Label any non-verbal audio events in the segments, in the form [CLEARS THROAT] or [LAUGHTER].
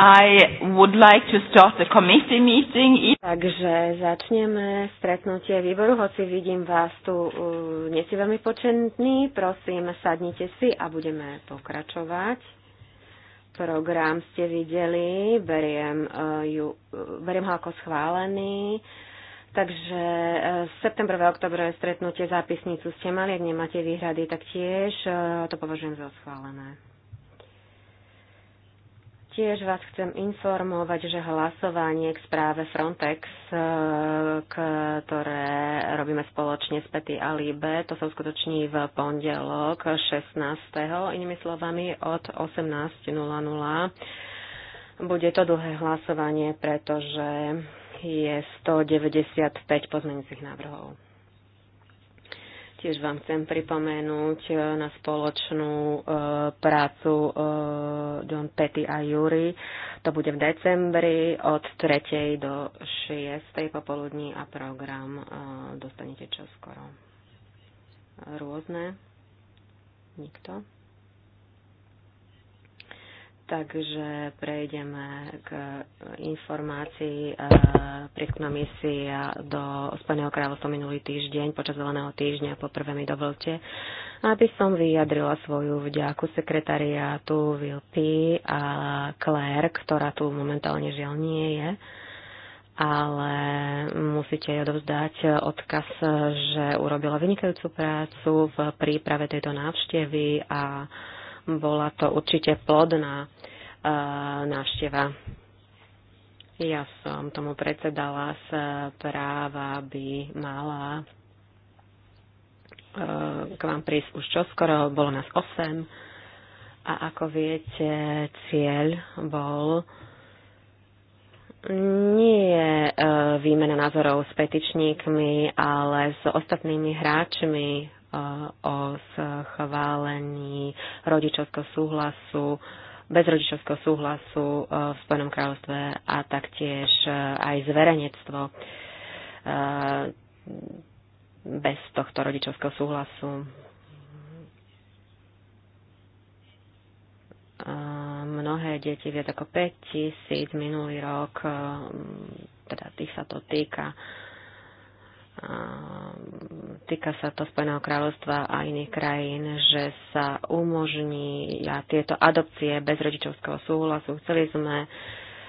I would like to start the committee meeting. Takže začneme stretnutie výboru, hoci vidím vás tu, uh, nie si veľmi početní, prosím, sadnite si a budeme pokračovať. Program ste videli, beriem, uh, ju, uh, beriem ho ako schválený. Takže uh, septembrové a oktobrové stretnutie zápisnicu ste mali, ak nemáte výhrady, tak tiež uh, to považujem za schválené. Tiež vás chcem informovať, že hlasovanie k správe Frontex, e, ktoré robíme spoločne s Petty a Libe, to sa uskutoční v pondelok 16. inými slovami od 18.00. Bude to dlhé hlasovanie, pretože je 195 pozmeňujúcich návrhov. Tiež vám chcem pripomenúť e, na spoločnú e, prácu John e, Petty a Jury. To bude v decembri od 3. do 6. popoludní a program dostanete čoskoro. Rôzne? Nikto? Takže prejdeme k informácii e, prieskumná misia do Spojeného kráľovstva minulý týždeň, počas zeleného týždňa. Poprvé mi dovolte, aby som vyjadrila svoju vďaku sekretariátu Vilpy a Claire, ktorá tu momentálne žiaľ nie je ale musíte jej odovzdať odkaz, že urobila vynikajúcu prácu v príprave tejto návštevy a bola to určite plodná e, návšteva. Ja som tomu predsedala, e, práva by mala e, k vám prísť už čoskoro, bolo nás 8 a ako viete, cieľ bol nie e, výmena názorov s petičníkmi, ale s ostatnými hráčmi o schválení rodičovského súhlasu bez rodičovského súhlasu e, v Spojenom kráľovstve a taktiež e, aj zverenectvo e, bez tohto rodičovského súhlasu. Mnohé deti, viac ako 5 tisíc minulý rok, teda tých sa to týka, Ehm, týka sa to Spojeného kráľovstva a iných krajín, že sa umožní ja, tieto adopcie bez rodičovského súhlasu. Chceli sme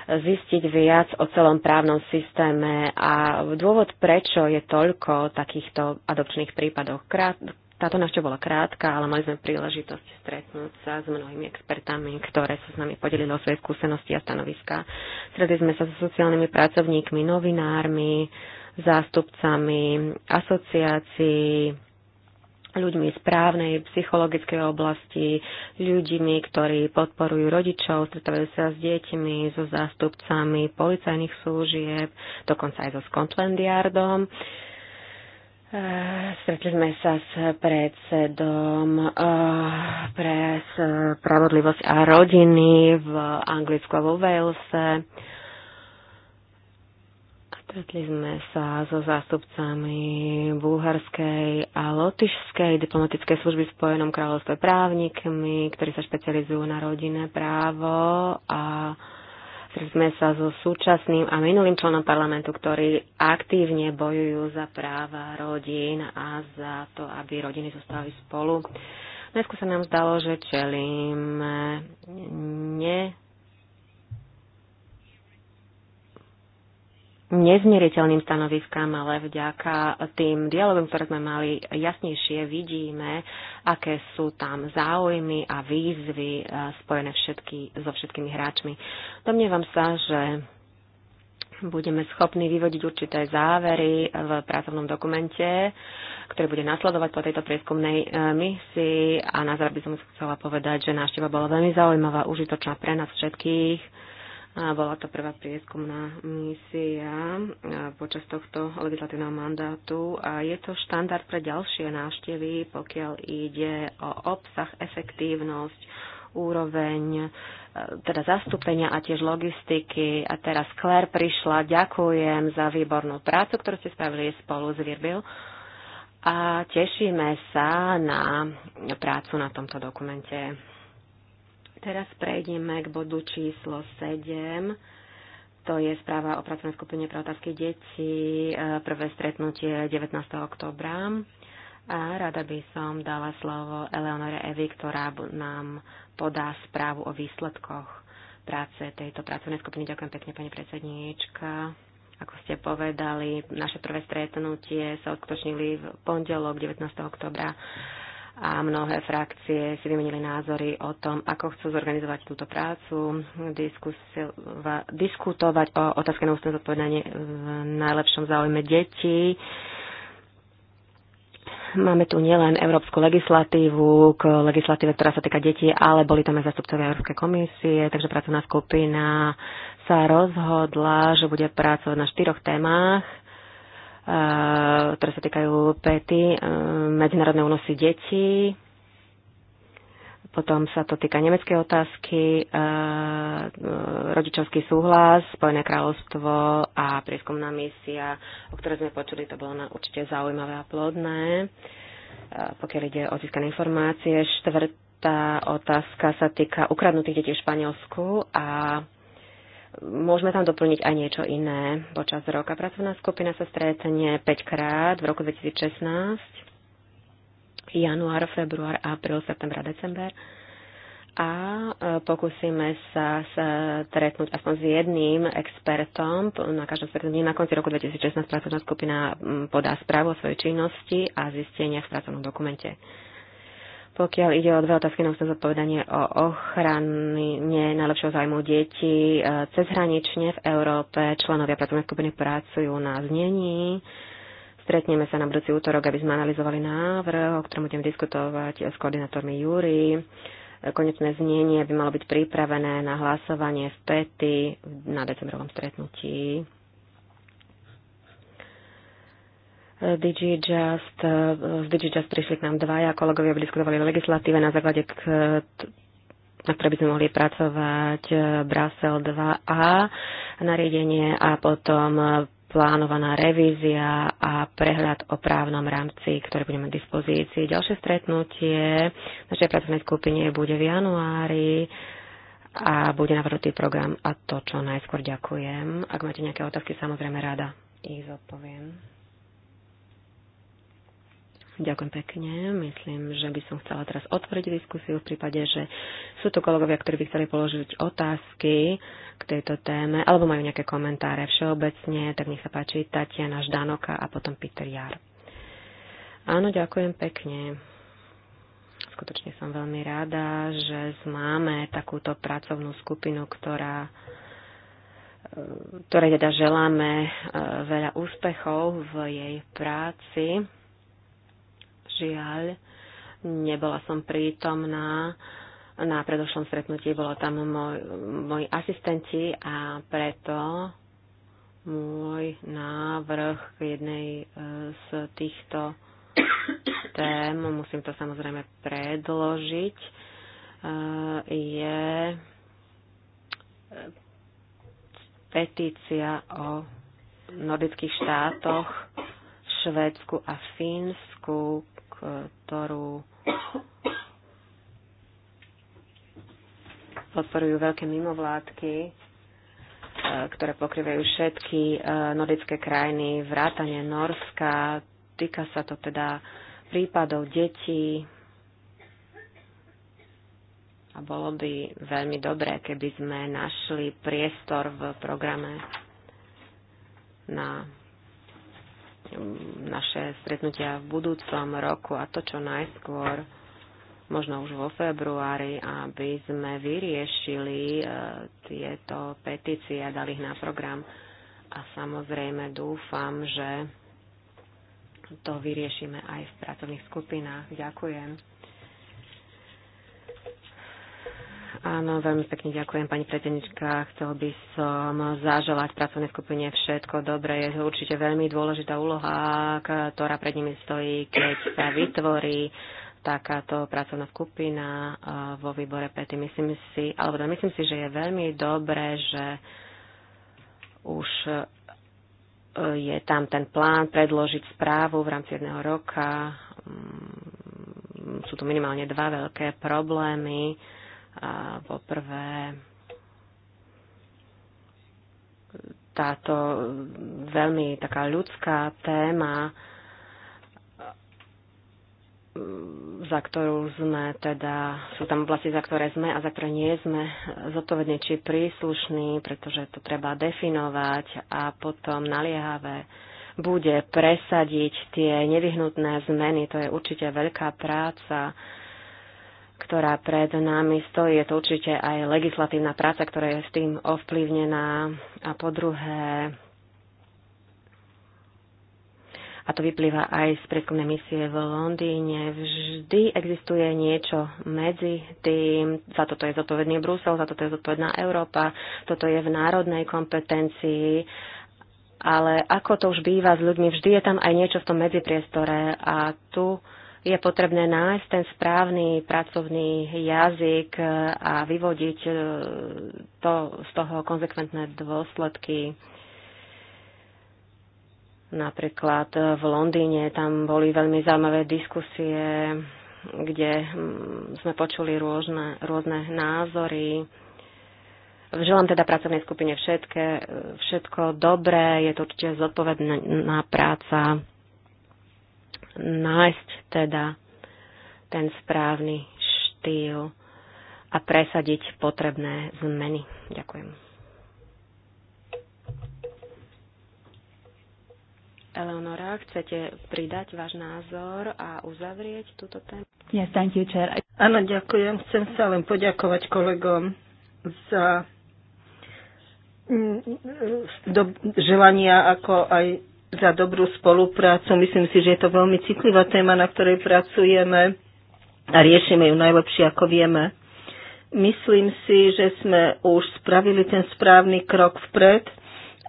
zistiť viac o celom právnom systéme a dôvod, prečo je toľko takýchto adopčných prípadov. Krát, táto návšteva bola krátka, ale mali sme príležitosť stretnúť sa s mnohými expertami, ktoré sa s nami podelili o svoje skúsenosti a stanoviska. Stretli sme sa so sociálnymi pracovníkmi, novinármi, zástupcami asociácií, ľuďmi z právnej, psychologickej oblasti, ľuďmi, ktorí podporujú rodičov, stretávajú sa s deťmi, so zástupcami policajných služieb, dokonca aj so Scotland Yardom. Eh, stretli sme sa s predsedom eh, pre spravodlivosť a rodiny v Anglicku a vo Walese. Stretli sme sa so zástupcami bulharskej a lotyšskej diplomatickej služby v Spojenom kráľovstve právnikmi, ktorí sa špecializujú na rodinné právo a stretli sme sa so súčasným a minulým členom parlamentu, ktorí aktívne bojujú za práva rodín a za to, aby rodiny zostali spolu. Dnesku sa nám zdalo, že čelíme ne nezmieriteľným stanoviskám, ale vďaka tým dialogom, ktoré sme mali, jasnejšie vidíme, aké sú tam záujmy a výzvy e, spojené všetky, so všetkými hráčmi. Domnievam sa, že budeme schopní vyvodiť určité závery v pracovnom dokumente, ktorý bude nasledovať po tejto prieskumnej e, misii. A na záver by som chcela povedať, že návšteva bola veľmi zaujímavá, užitočná pre nás všetkých bola to prvá prieskumná misia počas tohto legislatívneho mandátu a je to štandard pre ďalšie návštevy, pokiaľ ide o obsah, efektívnosť, úroveň, e, teda zastúpenia a tiež logistiky. A teraz Claire prišla, ďakujem za výbornú prácu, ktorú ste spravili spolu s Virbil a tešíme sa na prácu na tomto dokumente. Teraz prejdeme k bodu číslo 7. To je správa o pracovnej skupine pre otázky detí, e, prvé stretnutie 19. oktobra. A rada by som dala slovo Eleonore Evi, ktorá nám podá správu o výsledkoch práce tejto pracovnej skupiny. Ďakujem pekne, pani predsedníčka. Ako ste povedali, naše prvé stretnutie sa odkočnili v pondelok 19. oktobra a mnohé frakcie si vymenili názory o tom, ako chcú zorganizovať túto prácu, diskutovať o otázke na ústne zodpovedanie v najlepšom záujme detí. Máme tu nielen európsku legislatívu k legislatíve, ktorá sa týka detí, ale boli tam aj zastupcovia Európskej komisie, takže pracovná skupina sa rozhodla, že bude pracovať na štyroch témach Eh, ktoré sa týkajú PETY, eh, medzinárodné únosy detí, potom sa to týka nemeckej otázky, e, rodičovský súhlas, Spojené kráľovstvo a prieskumná misia, o ktorej sme počuli, to bolo na určite zaujímavé a plodné. E, pokiaľ ide o získané informácie, štvrtá otázka sa týka ukradnutých detí v Španielsku a Môžeme tam doplniť aj niečo iné počas roka. Pracovná skupina sa stretne 5 krát v roku 2016, január, február, apríl, september a december. A e, pokúsime sa stretnúť aspoň s jedným expertom. Na každom stretnutí na konci roku 2016 pracovná skupina podá správu o svojej činnosti a zisteniach v pracovnom dokumente. Pokiaľ ide o dve otázky na ústne zodpovedanie o ochrane najlepšieho zájmu detí, e, cezhranične v Európe členovia pracovnej skupiny pracujú na znení. Stretneme sa na budúci útorok, aby sme analyzovali návrh, o ktorom budem diskutovať s koordinátormi Júri. E, konečné znenie by malo byť pripravené na hlasovanie v pety na decembrovom stretnutí. DigiJust, eh, z DigiJust prišli k nám dvaja kolegovia, aby diskutovali o legislatíve na základe, k, na ktoré by sme mohli pracovať, eh, Brasel 2a, nariadenie a potom eh, plánovaná revízia a prehľad o právnom rámci, ktoré budeme k dispozícii. Ďalšie stretnutie našej pracovnej skupine bude v januári a bude navrhnutý program a to čo najskôr ďakujem. Ak máte nejaké otázky, samozrejme rada ich zodpoviem. Ďakujem pekne. Myslím, že by som chcela teraz otvoriť diskusiu v prípade, že sú tu kolegovia, ktorí by chceli položiť otázky k tejto téme alebo majú nejaké komentáre všeobecne, tak nech sa páči Tatiana Ždanoka a potom Peter Jar. Áno, ďakujem pekne. Skutočne som veľmi rada, že máme takúto pracovnú skupinu, ktorá ktorej teda želáme eh, veľa úspechov v jej práci Žiaľ, nebola som prítomná na predošlom stretnutí bolo tam môj, moji asistenti a preto môj návrh k jednej e, z týchto tém, musím to samozrejme predložiť, e, je petícia o nordických štátoch, Švédsku a Fínsku E, ktorú podporujú veľké mimovládky, e, ktoré pokrývajú všetky e, nordické krajiny, vrátane Norska. Týka sa to teda prípadov detí. A bolo by veľmi dobré, keby sme našli priestor v programe na naše stretnutia v budúcom roku a to čo najskôr, možno už vo februári, aby sme vyriešili e, tieto petície a dali ich na program. A samozrejme dúfam, že to vyriešime aj v pracovných skupinách. Ďakujem. Áno, veľmi pekne ďakujem, pani predsednička. Chcel by som zaželať pracovnej skupine všetko dobré. Je to určite veľmi dôležitá úloha, ktorá pred nimi stojí, keď sa vytvorí takáto pracovná skupina vo výbore PETI. Myslím si, alebo teda myslím si, že je veľmi dobré, že už e, je tam ten plán predložiť správu v rámci jedného roka. Mm, sú tu minimálne dva veľké problémy a poprvé, táto veľmi taká ľudská téma, za ktorú sme teda, sú tam oblasti, za ktoré sme a za ktoré nie sme zodpovední či príslušní, pretože to treba definovať a potom naliehavé bude presadiť tie nevyhnutné zmeny. To je určite veľká práca ktorá pred nami stojí. Je to určite aj legislatívna práca, ktorá je s tým ovplyvnená. A po druhé, a to vyplýva aj z prieskumnej misie v Londýne, vždy existuje niečo medzi tým, za toto je zodpovedný Brusel, za toto je zodpovedná Európa, toto je v národnej kompetencii, ale ako to už býva s ľuďmi, vždy je tam aj niečo v tom medzipriestore a tu je potrebné nájsť ten správny pracovný jazyk a vyvodiť e, to, z toho konzekventné dôsledky. Napríklad e, v Londýne tam boli veľmi zaujímavé diskusie, kde mm, sme počuli rôzne, rôzne názory. Želám teda pracovnej skupine všetké, e, všetko dobré, je to určite zodpovedná práca nájsť teda ten správny štýl a presadiť potrebné zmeny. Ďakujem. Eleonora, chcete pridať váš názor a uzavrieť túto tému? Yes, thank you, chair. Áno, ďakujem. Chcem sa len poďakovať kolegom za mm, do želania, ako aj za dobrú spoluprácu. Myslím si, že je to veľmi citlivá téma, na ktorej pracujeme a riešime ju najlepšie, ako vieme. Myslím si, že sme už spravili ten správny krok vpred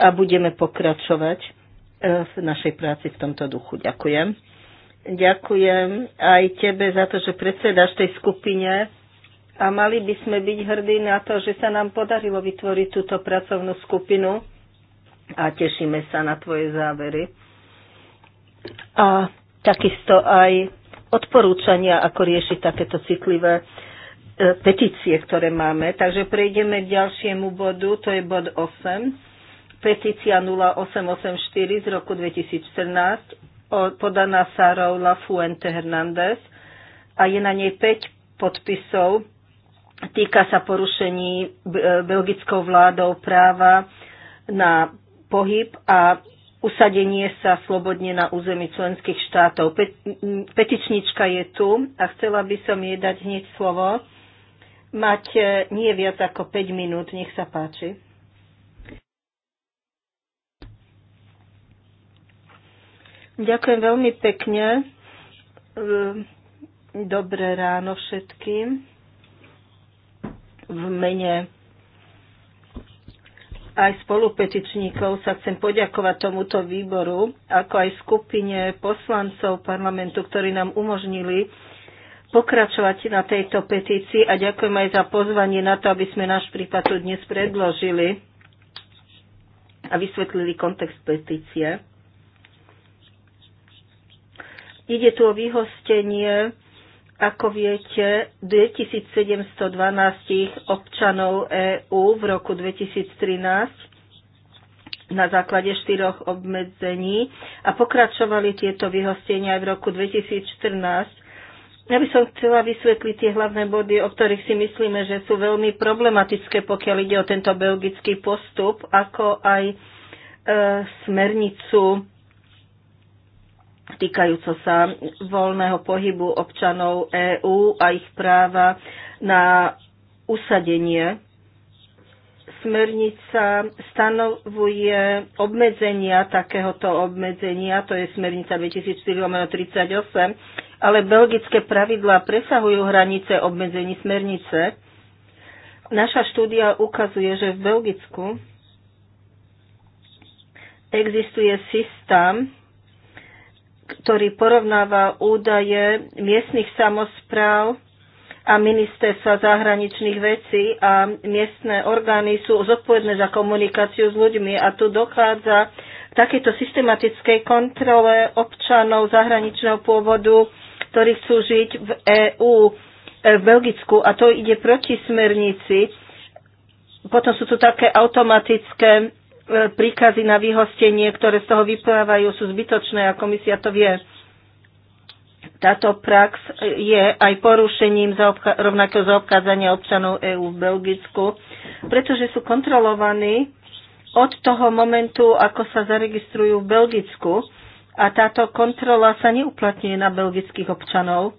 a budeme pokračovať e, v našej práci v tomto duchu. Ďakujem. Ďakujem aj tebe za to, že predsedáš tej skupine a mali by sme byť hrdí na to, že sa nám podarilo vytvoriť túto pracovnú skupinu a tešíme sa na tvoje závery. A takisto aj odporúčania, ako riešiť takéto citlivé e, petície, ktoré máme. Takže prejdeme k ďalšiemu bodu, to je bod 8. Petícia 0884 z roku 2014, podaná Sárou Fuente Hernández a je na nej 5 podpisov. Týka sa porušení e, belgickou vládou práva na pohyb a usadenie sa slobodne na území členských štátov. Pe- petičnička je tu a chcela by som jej dať hneď slovo. Máte nie viac ako 5 minút, nech sa páči. Ďakujem veľmi pekne. E, dobré ráno všetkým. V mene aj spolupetičníkov sa chcem poďakovať tomuto výboru, ako aj skupine poslancov parlamentu, ktorí nám umožnili pokračovať na tejto petícii a ďakujem aj za pozvanie na to, aby sme náš prípad tu dnes predložili a vysvetlili kontext petície. Ide tu o vyhostenie ako viete, 2712 občanov EÚ v roku 2013 na základe štyroch obmedzení a pokračovali tieto vyhostenia aj v roku 2014. Ja by som chcela vysvetliť tie hlavné body, o ktorých si myslíme, že sú veľmi problematické, pokiaľ ide o tento belgický postup, ako aj e, smernicu týkajúco sa voľného pohybu občanov EÚ a ich práva na usadenie. Smernica stanovuje obmedzenia takéhoto obmedzenia, to je smernica 2004-38, ale belgické pravidlá presahujú hranice obmedzení smernice. Naša štúdia ukazuje, že v Belgicku existuje systém, ktorý porovnáva údaje miestnych samozpráv a ministerstva zahraničných vecí a miestne orgány sú zodpovedné za komunikáciu s ľuďmi a tu dochádza k takejto systematickej kontrole občanov zahraničného pôvodu, ktorí chcú žiť v EÚ, e, v Belgicku a to ide proti smernici. Potom sú tu také automatické E, príkazy na vyhostenie, ktoré z toho vyplávajú, sú zbytočné a komisia to vie. Táto prax je aj porušením zaobcha- rovnakého zaobchádzania občanov EÚ v Belgicku, pretože sú kontrolovaní od toho momentu, ako sa zaregistrujú v Belgicku a táto kontrola sa neuplatňuje na belgických občanov.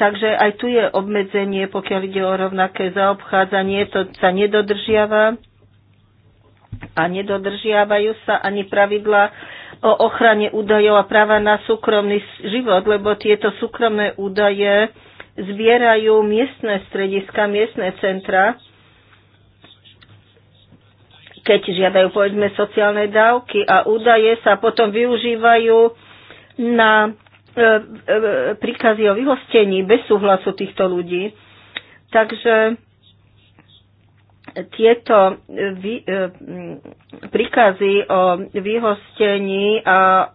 Takže aj tu je obmedzenie, pokiaľ ide o rovnaké zaobchádzanie, to sa nedodržiava a nedodržiavajú sa ani pravidla o ochrane údajov a práva na súkromný život, lebo tieto súkromné údaje zbierajú miestne strediska, miestne centra, keď žiadajú povedzme sociálne dávky a údaje sa potom využívajú na e, e, príkazy o vyhostení bez súhlasu týchto ľudí. Takže tieto vý, e, e príkazy o vyhostení a e,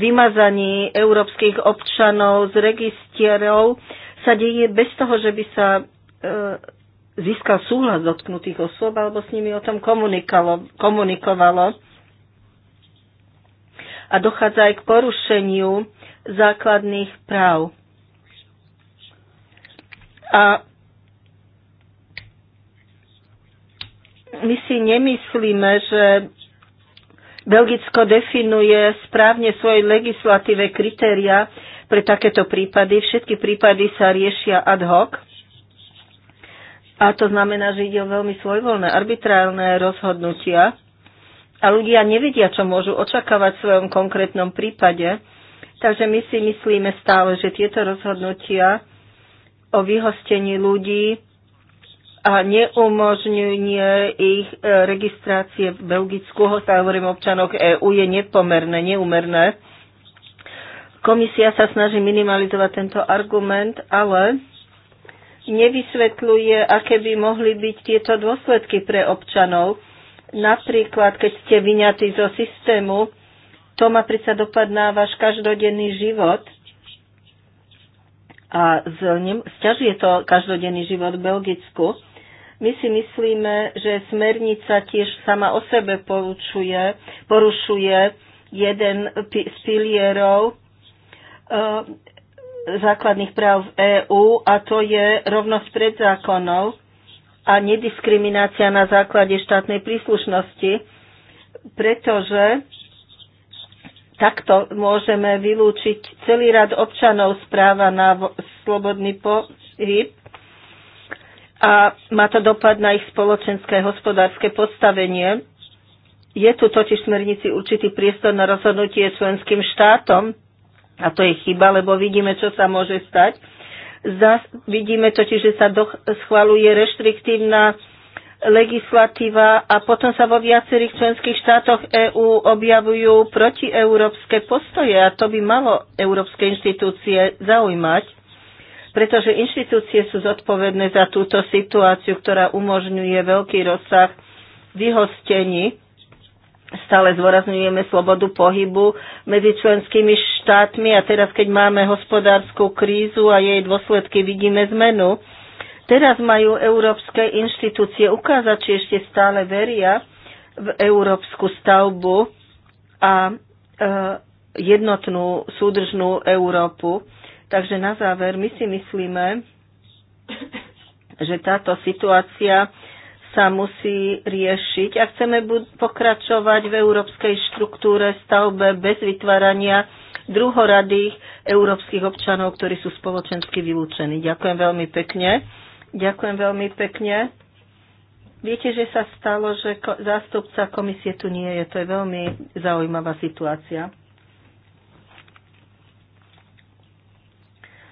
vymazaní európskych občanov z registierov sa deje bez toho, že by sa e, získal súhlas dotknutých osôb alebo s nimi o tom komunikovalo. A dochádza aj k porušeniu základných práv. A my si nemyslíme, že Belgicko definuje správne svoje legislatíve kritéria pre takéto prípady. Všetky prípady sa riešia ad hoc. A to znamená, že ide o veľmi svojvoľné, arbitrálne rozhodnutia. A ľudia nevedia, čo môžu očakávať v svojom konkrétnom prípade. Takže my si myslíme stále, že tieto rozhodnutia o vyhostení ľudí a neumožňuje ich e, registrácie v Belgicku, hovorím hovorím občanok EÚ, je nepomerné, neumerné. Komisia sa snaží minimalizovať tento argument, ale nevysvetľuje, aké by mohli byť tieto dôsledky pre občanov. Napríklad, keď ste vyňatí zo systému, to má predsa dopad na váš každodenný život a z, ne, stiažuje to každodenný život v Belgicku. My si myslíme, že smernica tiež sama o sebe poručuje, porušuje jeden z pilierov e, základných práv v EÚ a to je rovnosť pred zákonov a nediskriminácia na základe štátnej príslušnosti, pretože takto môžeme vylúčiť celý rad občanov z práva na slobodný pohyb a má to dopad na ich spoločenské hospodárske postavenie. Je tu totiž v smernici určitý priestor na rozhodnutie členským štátom a to je chyba, lebo vidíme, čo sa môže stať. Zas vidíme totiž, že sa doch- schvaluje reštriktívna legislatíva a potom sa vo viacerých členských štátoch EÚ objavujú protieurópske postoje a to by malo európske inštitúcie zaujímať pretože inštitúcie sú zodpovedné za túto situáciu, ktorá umožňuje veľký rozsah vyhostení. Stále zvorazňujeme slobodu pohybu medzi členskými štátmi a teraz, keď máme hospodárskú krízu a jej dôsledky, vidíme zmenu. Teraz majú európske inštitúcie ukázať, či ešte stále veria v európsku stavbu a e, jednotnú súdržnú Európu Takže na záver, my si myslíme, že táto situácia sa musí riešiť a chceme pokračovať v európskej štruktúre stavbe bez vytvárania druhoradých európskych občanov, ktorí sú spoločensky vylúčení. Ďakujem veľmi pekne. Ďakujem veľmi pekne. Viete, že sa stalo, že zástupca komisie tu nie je. To je veľmi zaujímavá situácia.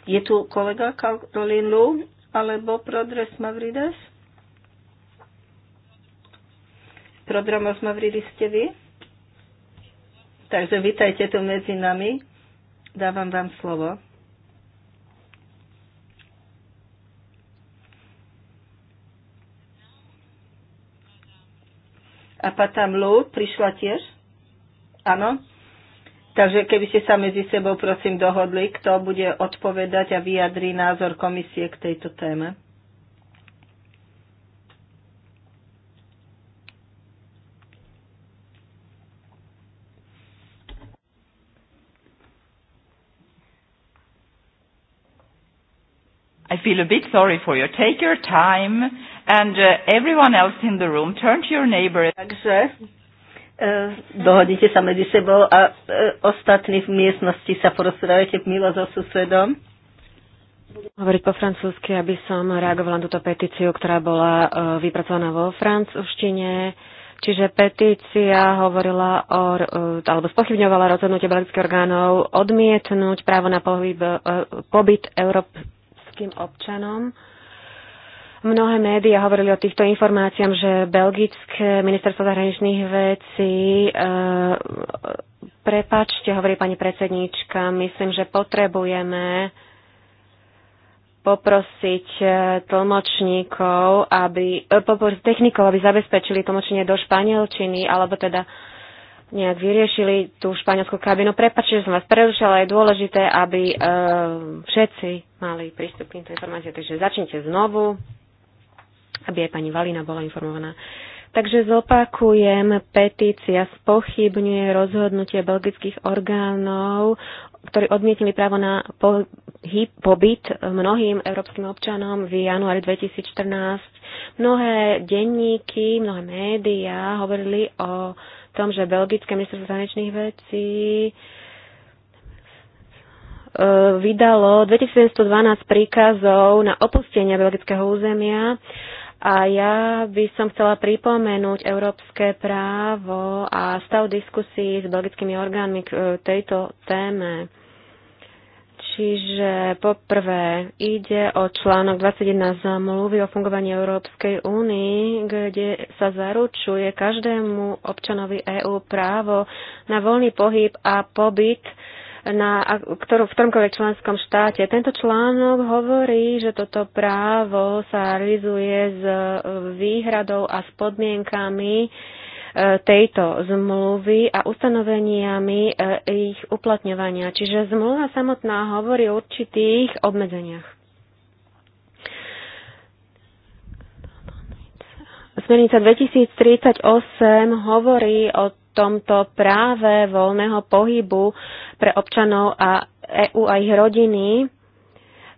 Je tu kolega Karolín Lu alebo Prodres Mavrides? Prodramos Mavrides ste vy? Takže vítajte tu medzi nami. Dávam vám slovo. A Patam Lu prišla tiež? Áno? Takže keby ste sa medzi sebou prosím dohodli, kto bude odpovedať a vyjadri názor komisie k tejto téme. I feel a bit sorry for you. Take your time and uh, everyone else in the room, turn to your neighbor. Takže E, dohodnite sa medzi sebou a e, ostatní v miestnosti sa porozprávajte milo so susedom. Budem hovoriť po francúzsky, aby som reagovala na túto petíciu, ktorá bola e, vypracovaná vo francúzštine. Čiže petícia hovorila o, alebo spochybňovala rozhodnutie belgických orgánov odmietnúť právo na pohyb, pobyt európskym občanom Mnohé médiá hovorili o týchto informáciám, že belgické ministerstvo zahraničných vecí, e, prepačte, hovorí pani predsedníčka, myslím, že potrebujeme poprosiť e, tlmočníkov, aby, e, poprosiť technikov, aby zabezpečili tlmočenie do španielčiny, alebo teda nejak vyriešili tú španielskú kabinu. Prepačte, že som vás prerušila, je dôležité, aby e, všetci mali prístup k týmto informáciám. Takže začnite znovu aby aj pani Valina bola informovaná. Takže zopakujem, petícia spochybňuje rozhodnutie belgických orgánov, ktorí odmietili právo na pohyb, pobyt mnohým európskym občanom v januári 2014. Mnohé denníky, mnohé médiá hovorili o tom, že belgické ministerstvo zahraničných vecí e, vydalo 2712 príkazov na opustenie belgického územia a ja by som chcela pripomenúť európske právo a stav diskusí s belgickými orgánmi k e, tejto téme. Čiže poprvé ide o článok 21 zamluvy o fungovaní Európskej únii, kde sa zaručuje každému občanovi EÚ právo na voľný pohyb a pobyt uh, na, ktorú, v ktoromkoľvek členskom štáte. Tento článok hovorí, že toto právo sa realizuje s e, výhradou a s podmienkami e, tejto zmluvy a ustanoveniami e, ich uplatňovania. Čiže zmluva samotná hovorí o určitých obmedzeniach. Smernica 2038 hovorí o tomto práve voľného pohybu pre občanov a EU a ich rodiny.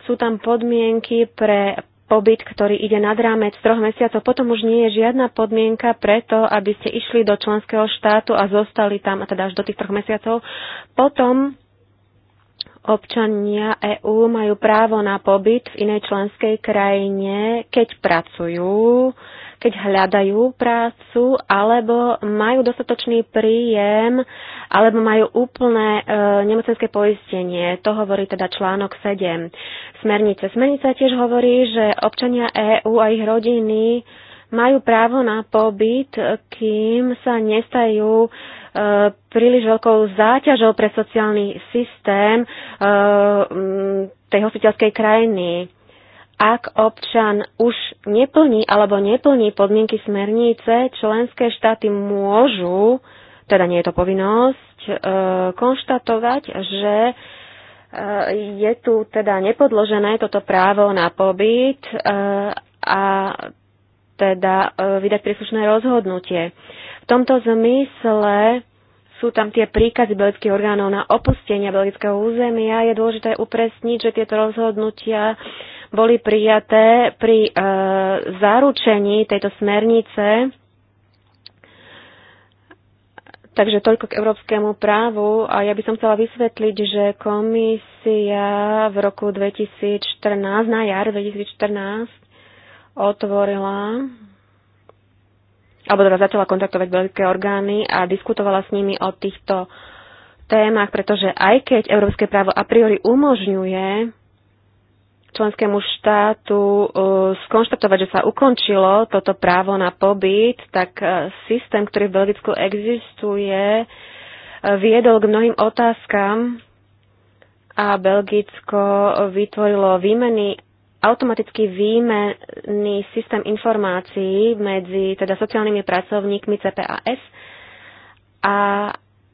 Sú tam podmienky pre pobyt, ktorý ide nad rámec troch mesiacov, potom už nie je žiadna podmienka preto, aby ste išli do členského štátu a zostali tam, a teda až do tých troch mesiacov. Potom Občania EÚ majú právo na pobyt v inej členskej krajine, keď pracujú, keď hľadajú prácu, alebo majú dostatočný príjem, alebo majú úplné e, nemocenské poistenie. To hovorí teda článok 7 smernice. Smernica tiež hovorí, že občania EÚ a ich rodiny majú právo na pobyt, kým sa nestajú E, príliš veľkou záťažou pre sociálny systém e, tej hostiteľskej krajiny. Ak občan už neplní alebo neplní podmienky smernice, členské štáty môžu, teda nie je to povinnosť, e, konštatovať, že je tu teda nepodložené toto právo na pobyt a teda vydať príslušné rozhodnutie. V tomto zmysle sú tam tie príkazy belgických orgánov na opustenie belgického územia. Je dôležité upresniť, že tieto rozhodnutia boli prijaté pri e, zaručení tejto smernice. Takže toľko k európskemu právu a ja by som chcela vysvetliť, že komisia v roku 2014, na jar 2014, otvorila alebo teda začala kontaktovať veľké orgány a diskutovala s nimi o týchto témach, pretože aj keď európske právo a priori umožňuje členskému štátu uh, skonštatovať, že sa ukončilo toto právo na pobyt, tak uh, systém, ktorý v Belgicku existuje, uh, viedol k mnohým otázkam a Belgicko vytvorilo výmeny automaticky výmenný systém informácií medzi teda sociálnymi pracovníkmi CPAS a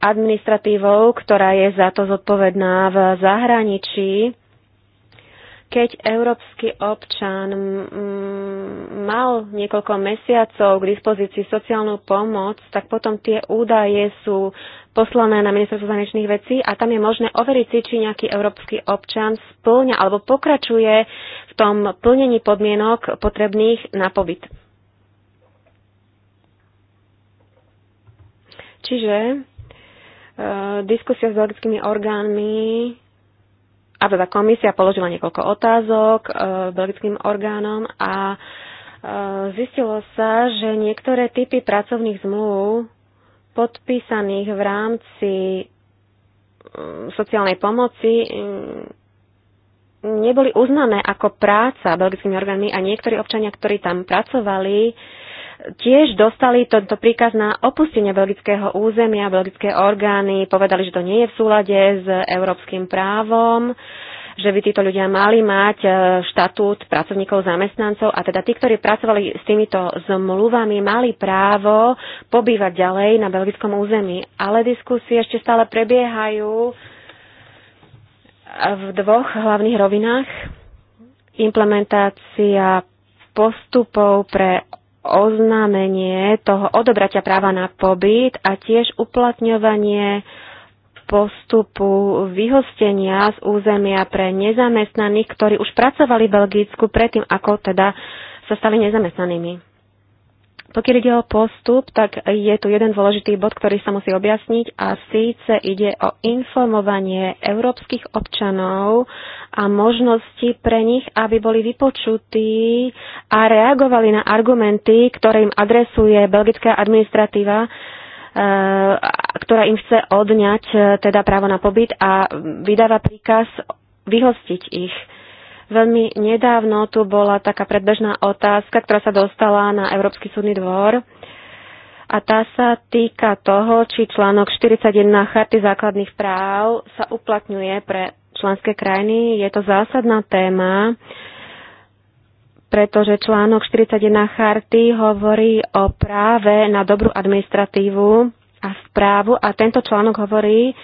administratívou, ktorá je za to zodpovedná v zahraničí, keď európsky občan mal niekoľko mesiacov k dispozícii sociálnu pomoc, tak potom tie údaje sú poslané na ministerstvo zahraničných vecí a tam je možné overiť si, či nejaký európsky občan splňa alebo pokračuje v tom plnení podmienok potrebných na pobyt. Čiže e, diskusia s belgickými orgánmi a teda komisia položila niekoľko otázok e, belgickým orgánom a e, zistilo sa, že niektoré typy pracovných zmluv podpísaných v rámci mm, sociálnej pomoci mm, neboli uznané ako práca belgickými orgánmi a niektorí občania, ktorí tam pracovali, tiež dostali tento príkaz na opustenie belgického územia. Belgické orgány povedali, že to nie je v súlade s európskym právom že by títo ľudia mali mať e, štatút pracovníkov zamestnancov a teda tí, ktorí pracovali s týmito zmluvami, mali právo pobývať ďalej na belgickom území. Ale diskusie ešte stále prebiehajú v dvoch hlavných rovinách. Implementácia postupov pre oznámenie toho odobratia práva na pobyt a tiež uplatňovanie postupu vyhostenia z územia pre nezamestnaných, ktorí už pracovali v Belgicku predtým, ako teda sa stali nezamestnanými. Pokiaľ ide o postup, tak je tu jeden dôležitý bod, ktorý sa musí objasniť a síce ide o informovanie európskych občanov a možnosti pre nich, aby boli vypočutí a reagovali na argumenty, ktoré im adresuje belgická administratíva Eh, ktorá im chce odňať eh, teda právo na pobyt a vydáva príkaz vyhostiť ich. Veľmi nedávno tu bola taká predbežná otázka, ktorá sa dostala na Európsky súdny dvor a tá sa týka toho, či článok 41 Charty základných práv sa uplatňuje pre členské krajiny. Je to zásadná téma, pretože článok 41 charty hovorí o práve na dobrú administratívu a správu a tento článok hovorí,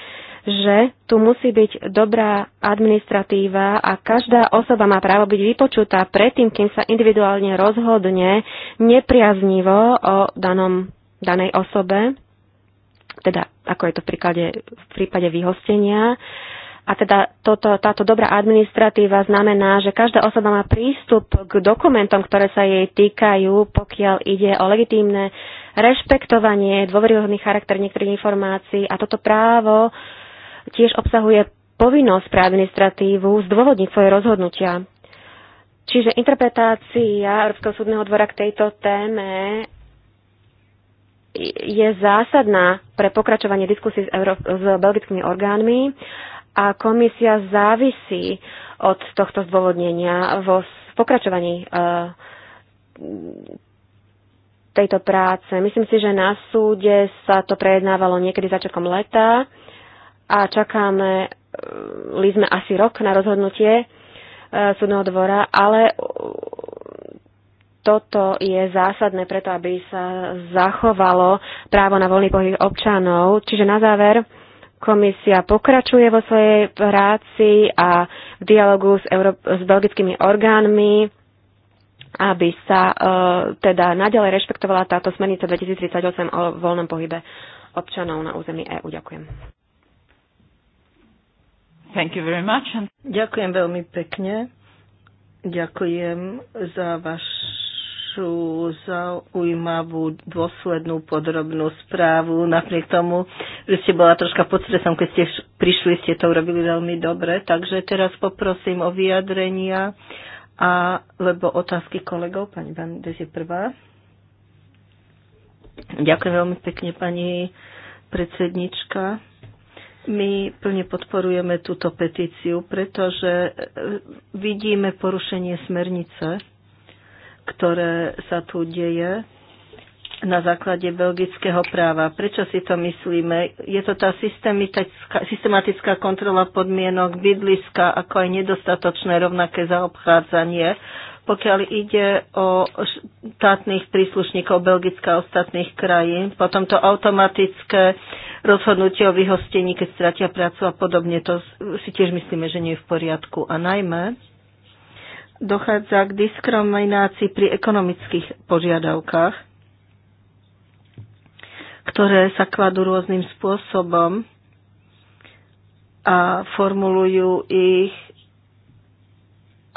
že tu musí byť dobrá administratíva a každá osoba má právo byť vypočutá predtým, kým sa individuálne rozhodne nepriaznivo o danom, danej osobe, teda ako je to v, príklade, v prípade vyhostenia. A teda toto, táto dobrá administratíva znamená, že každá osoba má prístup k dokumentom, ktoré sa jej týkajú, pokiaľ ide o legitímne rešpektovanie, dôveryhodný charakter niektorých informácií. A toto právo tiež obsahuje povinnosť pre administratívu zdôvodniť svoje rozhodnutia. Čiže interpretácia Európskeho súdneho dvora k tejto téme je zásadná pre pokračovanie diskusí s, Euró- s belgickými orgánmi a komisia závisí od tohto zdôvodnenia vo pokračovaní e, tejto práce. Myslím si, že na súde sa to prejednávalo niekedy začiatkom leta a čakáme, e, li sme asi rok na rozhodnutie e, súdneho dvora, ale toto je zásadné preto, aby sa zachovalo právo na voľný pohyb občanov. Čiže na záver, Komisia pokračuje vo svojej práci a v dialogu s, Euró- s belgickými orgánmi, aby sa e, teda naďalej rešpektovala táto smernica 2038 o voľnom pohybe občanov na území EÚ. Ďakujem. Thank you very much. Ďakujem veľmi pekne. Ďakujem za váš našu zaujímavú, dôslednú, podrobnú správu. Napriek tomu, že ste bola troška pod stresom, keď ste prišli, ste to urobili veľmi dobre. Takže teraz poprosím o vyjadrenia a lebo otázky kolegov. Pani Bandes je prvá. Ďakujem veľmi pekne, pani predsednička. My plne podporujeme túto petíciu, pretože e, vidíme porušenie smernice ktoré sa tu deje na základe belgického práva. Prečo si to myslíme? Je to tá systematická kontrola podmienok bydliska, ako aj nedostatočné rovnaké zaobchádzanie. Pokiaľ ide o štátnych príslušníkov Belgická a ostatných krajín, potom to automatické rozhodnutie o vyhostení, keď stratia prácu a podobne, to si tiež myslíme, že nie je v poriadku. A najmä dochádza k diskriminácii pri ekonomických požiadavkách, ktoré sa kladú rôznym spôsobom a formulujú ich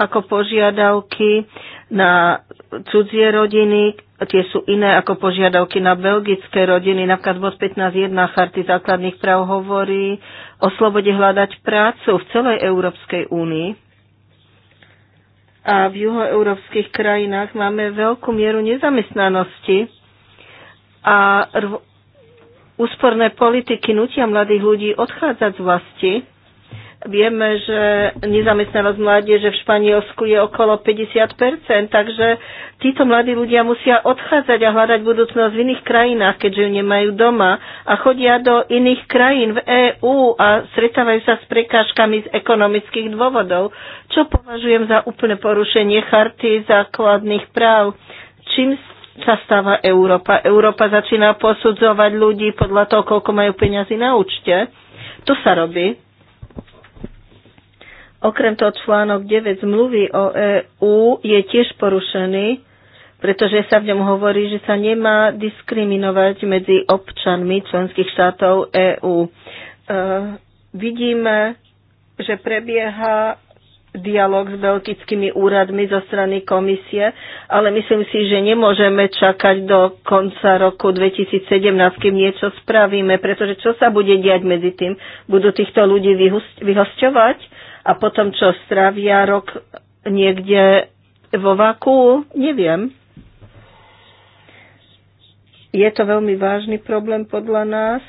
ako požiadavky na cudzie rodiny, tie sú iné ako požiadavky na belgické rodiny. Napríklad bod 15.1 Charty základných práv hovorí o slobode hľadať prácu v celej Európskej únii a v juhoeurópskych krajinách máme veľkú mieru nezamestnanosti a úsporné politiky nutia mladých ľudí odchádzať z vlasti Vieme, že nezamestnanosť mládeže v Španielsku je okolo 50%, takže títo mladí ľudia musia odchádzať a hľadať budúcnosť v iných krajinách, keďže ju nemajú doma a chodia do iných krajín v EÚ a stretávajú sa s prekážkami z ekonomických dôvodov, čo považujem za úplné porušenie charty základných práv. Čím sa stáva Európa? Európa začína posudzovať ľudí podľa toho, koľko majú peniazy na účte. To sa robí Okrem toho článok 9 zmluvy o EÚ je tiež porušený, pretože sa v ňom hovorí, že sa nemá diskriminovať medzi občanmi členských štátov EÚ. E, vidíme, že prebieha dialog s belgickými úradmi zo strany komisie, ale myslím si, že nemôžeme čakať do konca roku 2017, kým niečo spravíme, pretože čo sa bude diať medzi tým? Budú týchto ľudí vyhosťovať? a potom čo stravia rok niekde vo vaku, neviem. Je to veľmi vážny problém podľa nás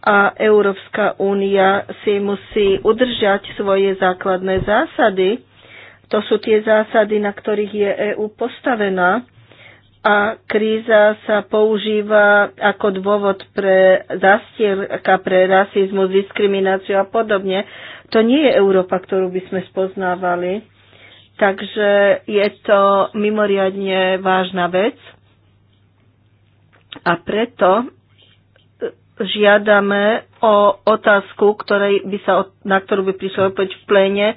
a Európska únia si musí udržať svoje základné zásady. To sú tie zásady, na ktorých je EÚ postavená a kríza sa používa ako dôvod pre zastierka, pre rasizmus, diskrimináciu a podobne. To nie je Európa, ktorú by sme spoznávali. Takže je to mimoriadne vážna vec a preto e, žiadame o otázku, ktorej by sa, na ktorú by prišla opäť v plene,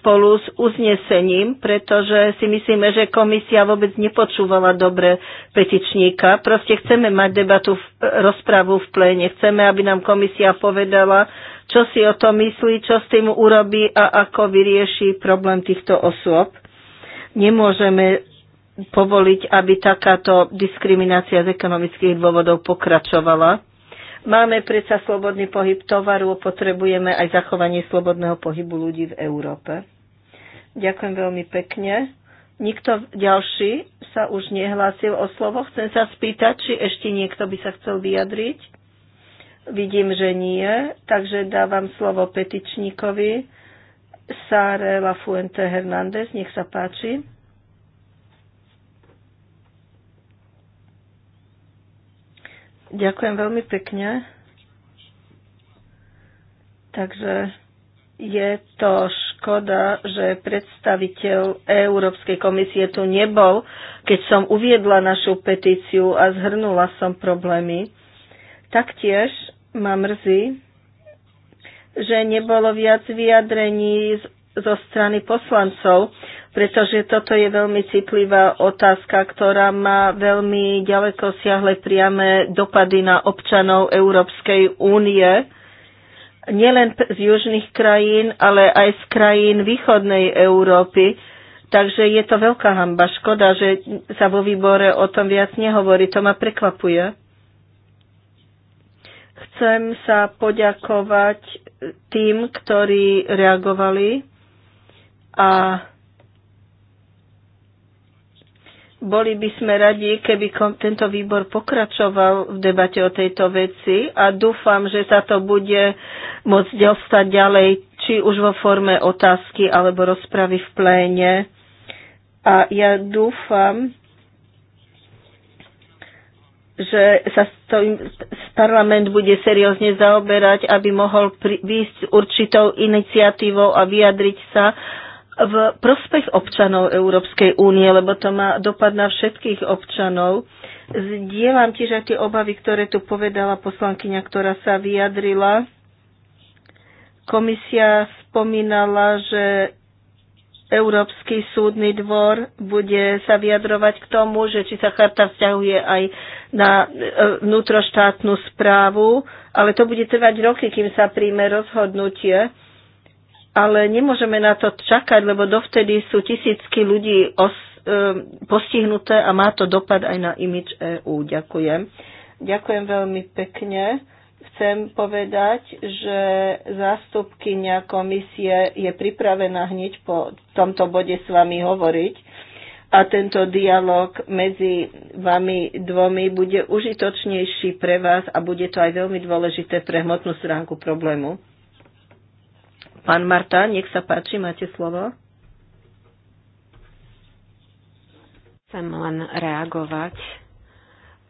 spolu s uznesením, pretože si myslíme, že komisia vôbec nepočúvala dobre petičníka. Proste chceme mať debatu, rozpravu v pléne. Chceme, aby nám komisia povedala, čo si o tom myslí, čo s tým urobí a ako vyrieši problém týchto osôb. Nemôžeme povoliť, aby takáto diskriminácia z ekonomických dôvodov pokračovala. Máme predsa slobodný pohyb tovaru, potrebujeme aj zachovanie slobodného pohybu ľudí v Európe. Ďakujem veľmi pekne. Nikto ďalší sa už nehlásil o slovo. Chcem sa spýtať, či ešte niekto by sa chcel vyjadriť. Vidím, že nie, takže dávam slovo petičníkovi Sáre Lafuente Hernández. Nech sa páči. Ďakujem veľmi pekne. Takže je to škoda, že predstaviteľ Európskej komisie tu nebol, keď som uviedla našu petíciu a zhrnula som problémy. Taktiež ma mrzí, že nebolo viac vyjadrení zo strany poslancov pretože toto je veľmi citlivá otázka, ktorá má veľmi ďaleko siahle priame dopady na občanov Európskej únie, nielen z južných krajín, ale aj z krajín východnej Európy. Takže je to veľká hamba. Škoda, že sa vo výbore o tom viac nehovorí. To ma prekvapuje. Chcem sa poďakovať tým, ktorí reagovali a boli by sme radi, keby tento výbor pokračoval v debate o tejto veci a dúfam, že sa to bude môcť dostať ďalej, či už vo forme otázky alebo rozpravy v pléne. A ja dúfam, že sa to parlament bude seriózne zaoberať, aby mohol prísť s určitou iniciatívou a vyjadriť sa v prospech občanov Európskej únie, lebo to má dopad na všetkých občanov. Zdieľam tiež aj tie obavy, ktoré tu povedala poslankyňa, ktorá sa vyjadrila. Komisia spomínala, že Európsky súdny dvor bude sa vyjadrovať k tomu, že či sa charta vzťahuje aj na e, vnútroštátnu správu, ale to bude trvať roky, kým sa príjme rozhodnutie ale nemôžeme na to čakať, lebo dovtedy sú tisícky ľudí os, e, postihnuté a má to dopad aj na imič EÚ. Ďakujem. Ďakujem veľmi pekne. Chcem povedať, že zástupkynia komisie je pripravená hneď po tomto bode s vami hovoriť a tento dialog medzi vami dvomi bude užitočnejší pre vás a bude to aj veľmi dôležité pre hmotnú stránku problému. Pán Marta, nech sa páči, máte slovo. Chcem len reagovať,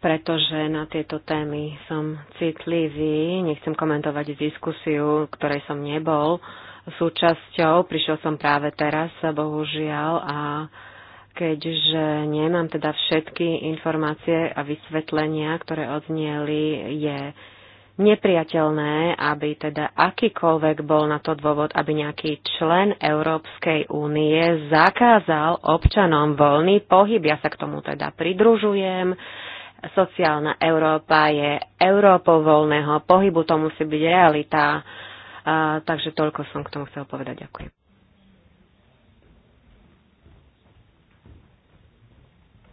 pretože na tieto témy som citlivý. Nechcem komentovať diskusiu, ktorej som nebol súčasťou. Prišiel som práve teraz, bohužiaľ, a keďže nemám teda všetky informácie a vysvetlenia, ktoré odnieli, je nepriateľné, aby teda akýkoľvek bol na to dôvod, aby nejaký člen Európskej únie zakázal občanom voľný pohyb. Ja sa k tomu teda pridružujem. Sociálna Európa je Európou voľného pohybu, to musí byť realita. A, takže toľko som k tomu chcel povedať. Ďakujem.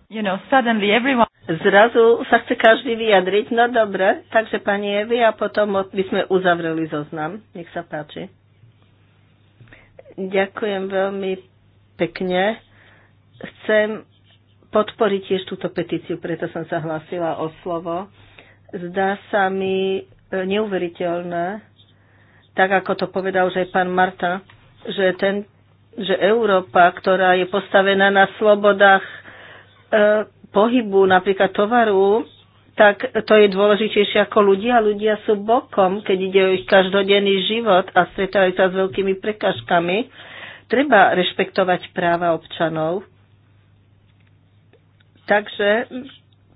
You know, suddenly everyone... Zrazu sa chce každý vyjadriť. No dobre, takže pani Evi a potom by sme uzavreli zoznam. Nech sa páči. Ďakujem veľmi pekne. Chcem podporiť tiež túto petíciu, preto som sa hlásila o slovo. Zdá sa mi e, neuveriteľné, tak ako to povedal už aj pán Marta, že ten že Európa, ktorá je postavená na slobodách E, pohybu, napríklad tovaru, tak to je dôležitejšie ako ľudia. Ľudia sú bokom, keď ide o ich každodenný život a stretávajú sa s veľkými prekažkami. Treba rešpektovať práva občanov. Takže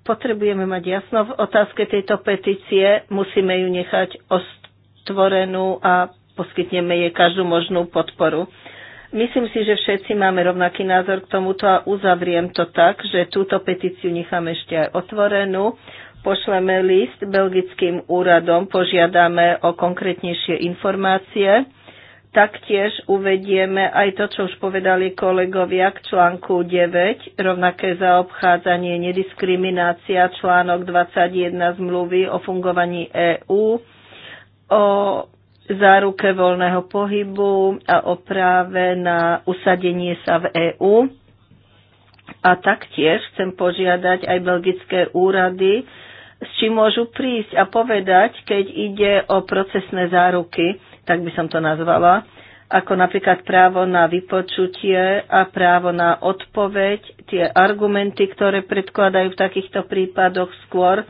potrebujeme mať jasno v otázke tejto petície. Musíme ju nechať ostvorenú a poskytneme jej každú možnú podporu. Myslím si, že všetci máme rovnaký názor k tomuto a uzavriem to tak, že túto petíciu necháme ešte aj otvorenú. Pošleme list belgickým úradom, požiadame o konkrétnejšie informácie. Taktiež uvedieme aj to, čo už povedali kolegovia k článku 9, rovnaké zaobchádzanie, nediskriminácia, článok 21 zmluvy o fungovaní EÚ, o záruke voľného pohybu a o práve na usadenie sa v EÚ. A taktiež chcem požiadať aj belgické úrady, s čím môžu prísť a povedať, keď ide o procesné záruky, tak by som to nazvala, ako napríklad právo na vypočutie a právo na odpoveď, tie argumenty, ktoré predkladajú v takýchto prípadoch skôr,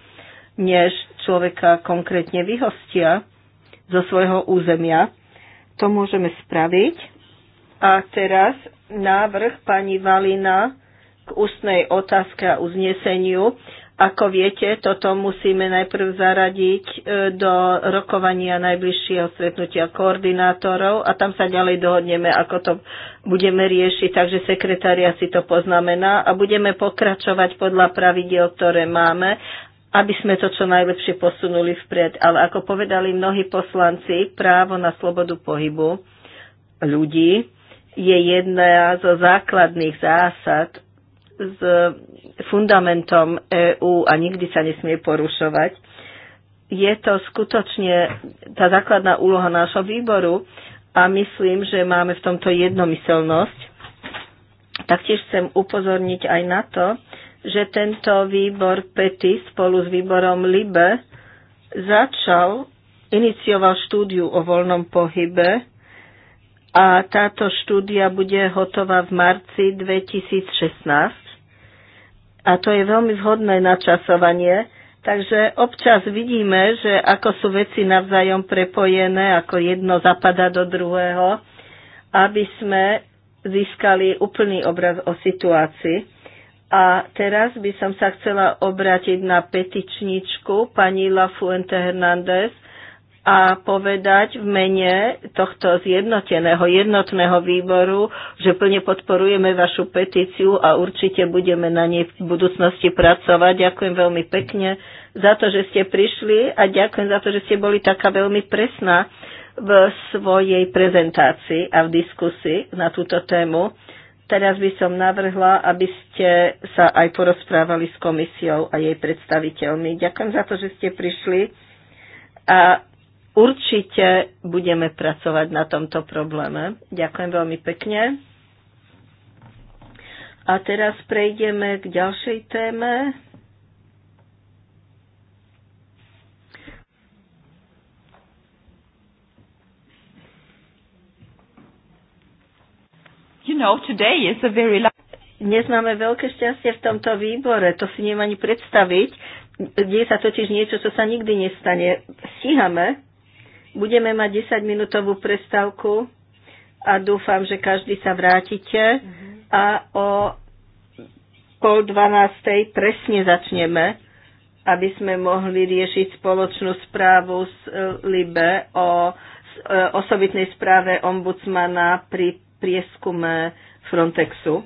než človeka konkrétne vyhostia zo svojho územia. To môžeme spraviť. A teraz návrh pani Valina k ústnej otázke a uzneseniu. Ako viete, toto musíme najprv zaradiť e, do rokovania najbližšieho stretnutia koordinátorov a tam sa ďalej dohodneme, ako to budeme riešiť, takže sekretária si to poznamená a budeme pokračovať podľa pravidiel, ktoré máme aby sme to čo najlepšie posunuli vpred. Ale ako povedali mnohí poslanci, právo na slobodu pohybu ľudí je jedna zo základných zásad s fundamentom EÚ a nikdy sa nesmie porušovať. Je to skutočne tá základná úloha nášho výboru a myslím, že máme v tomto jednomyselnosť. Taktiež chcem upozorniť aj na to, že tento výbor PETI spolu s výborom LIBE začal, inicioval štúdiu o voľnom pohybe a táto štúdia bude hotová v marci 2016. A to je veľmi vhodné načasovanie, takže občas vidíme, že ako sú veci navzájom prepojené, ako jedno zapada do druhého, aby sme získali úplný obraz o situácii. A teraz by som sa chcela obrátiť na petičničku pani La Fuente Hernández a povedať v mene tohto zjednoteného, jednotného výboru, že plne podporujeme vašu petíciu a určite budeme na nej v budúcnosti pracovať. Ďakujem veľmi pekne za to, že ste prišli a ďakujem za to, že ste boli taká veľmi presná v svojej prezentácii a v diskusii na túto tému. Teraz by som navrhla, aby ste sa aj porozprávali s komisiou a jej predstaviteľmi. Ďakujem za to, že ste prišli a určite budeme pracovať na tomto probléme. Ďakujem veľmi pekne. A teraz prejdeme k ďalšej téme. you know, today is a very dnes máme veľké šťastie v tomto výbore, to si neviem ani predstaviť. Deje sa totiž niečo, čo sa nikdy nestane. Stíhame, budeme mať 10-minútovú prestávku a dúfam, že každý sa vrátite mhm. a o pol dvanástej presne začneme, aby sme mohli riešiť spoločnú správu s e, LIBE o e, osobitnej správe ombudsmana pri prieskume Frontexu.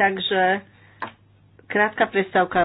Takže krátka predstavka.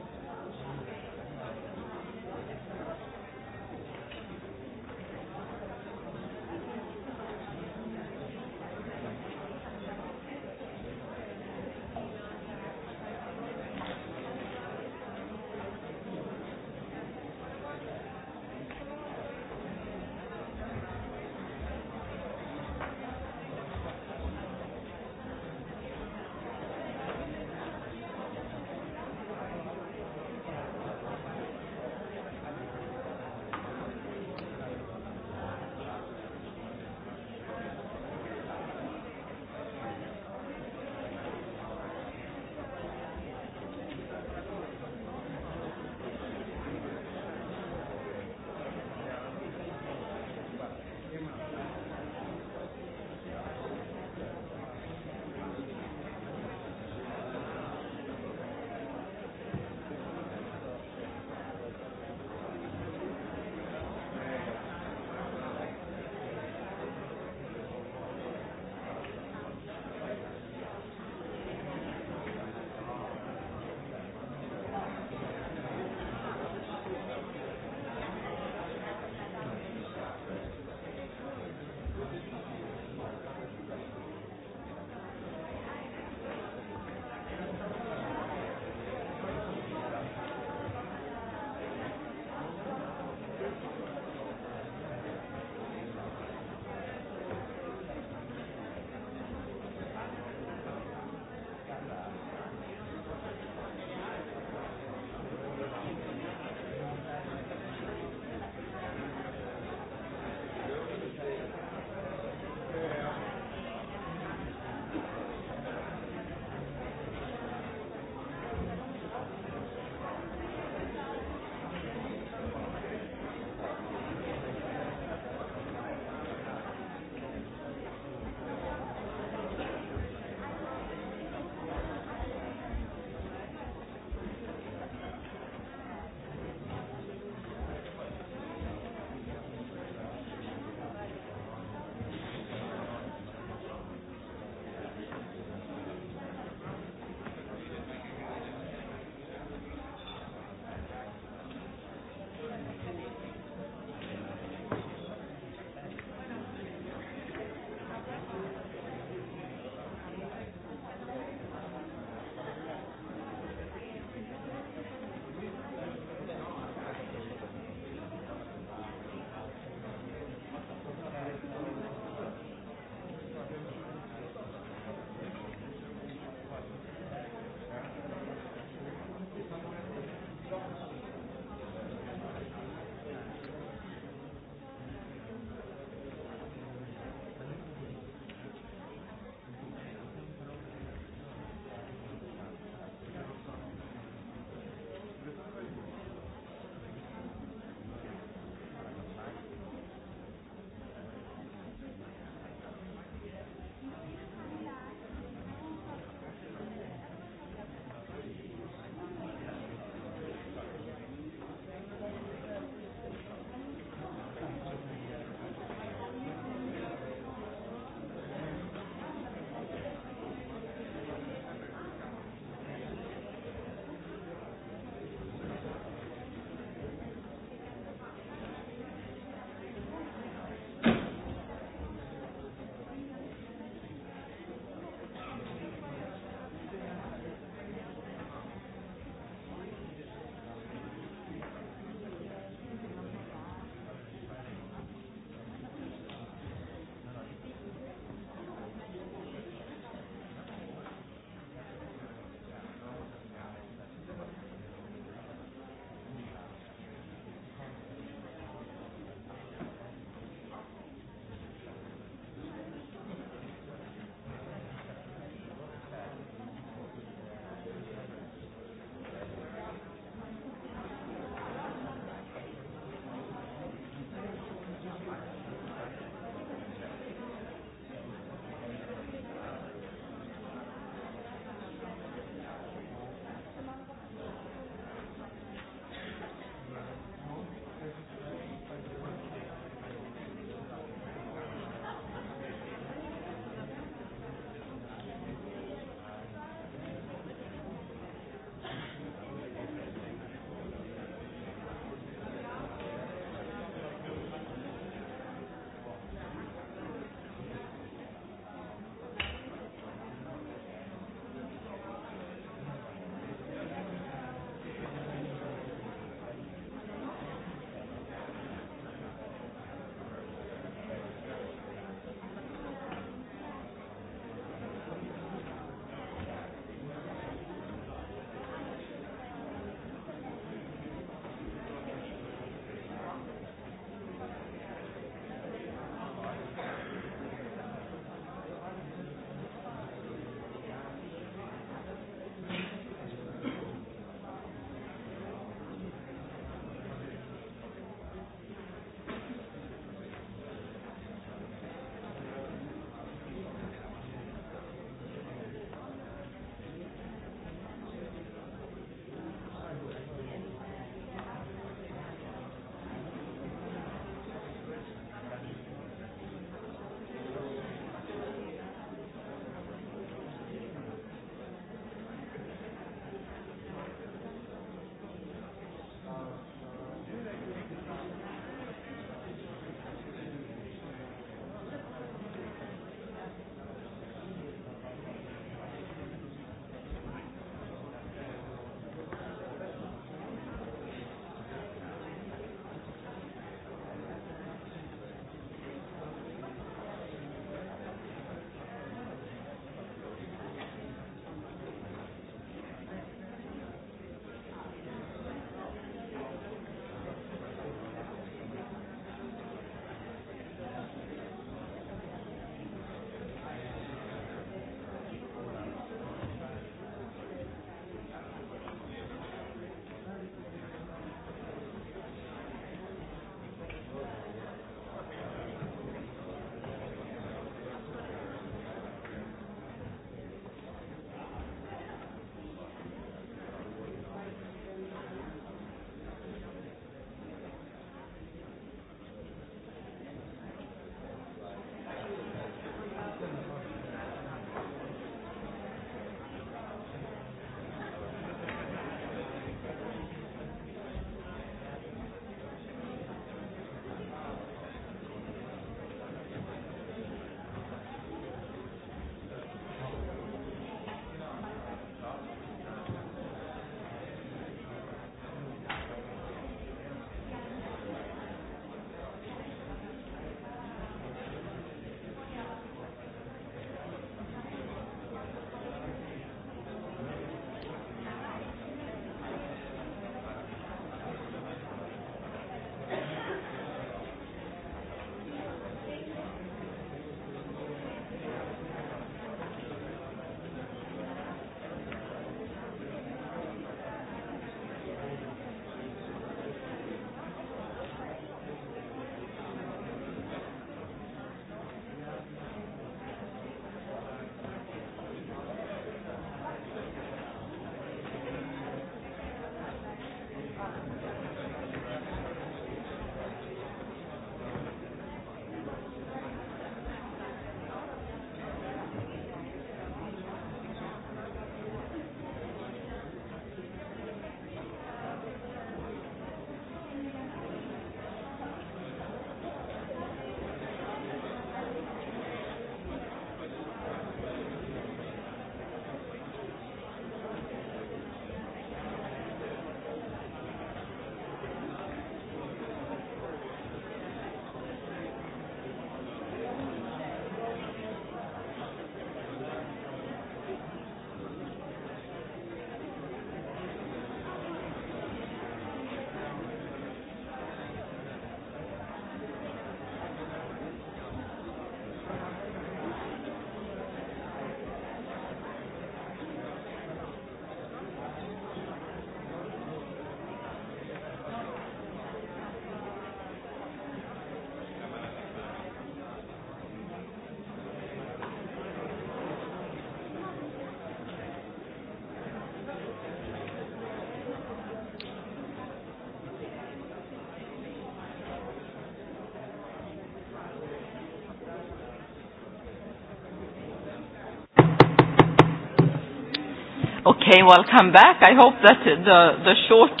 Okay, welcome back. I hope that the, the short,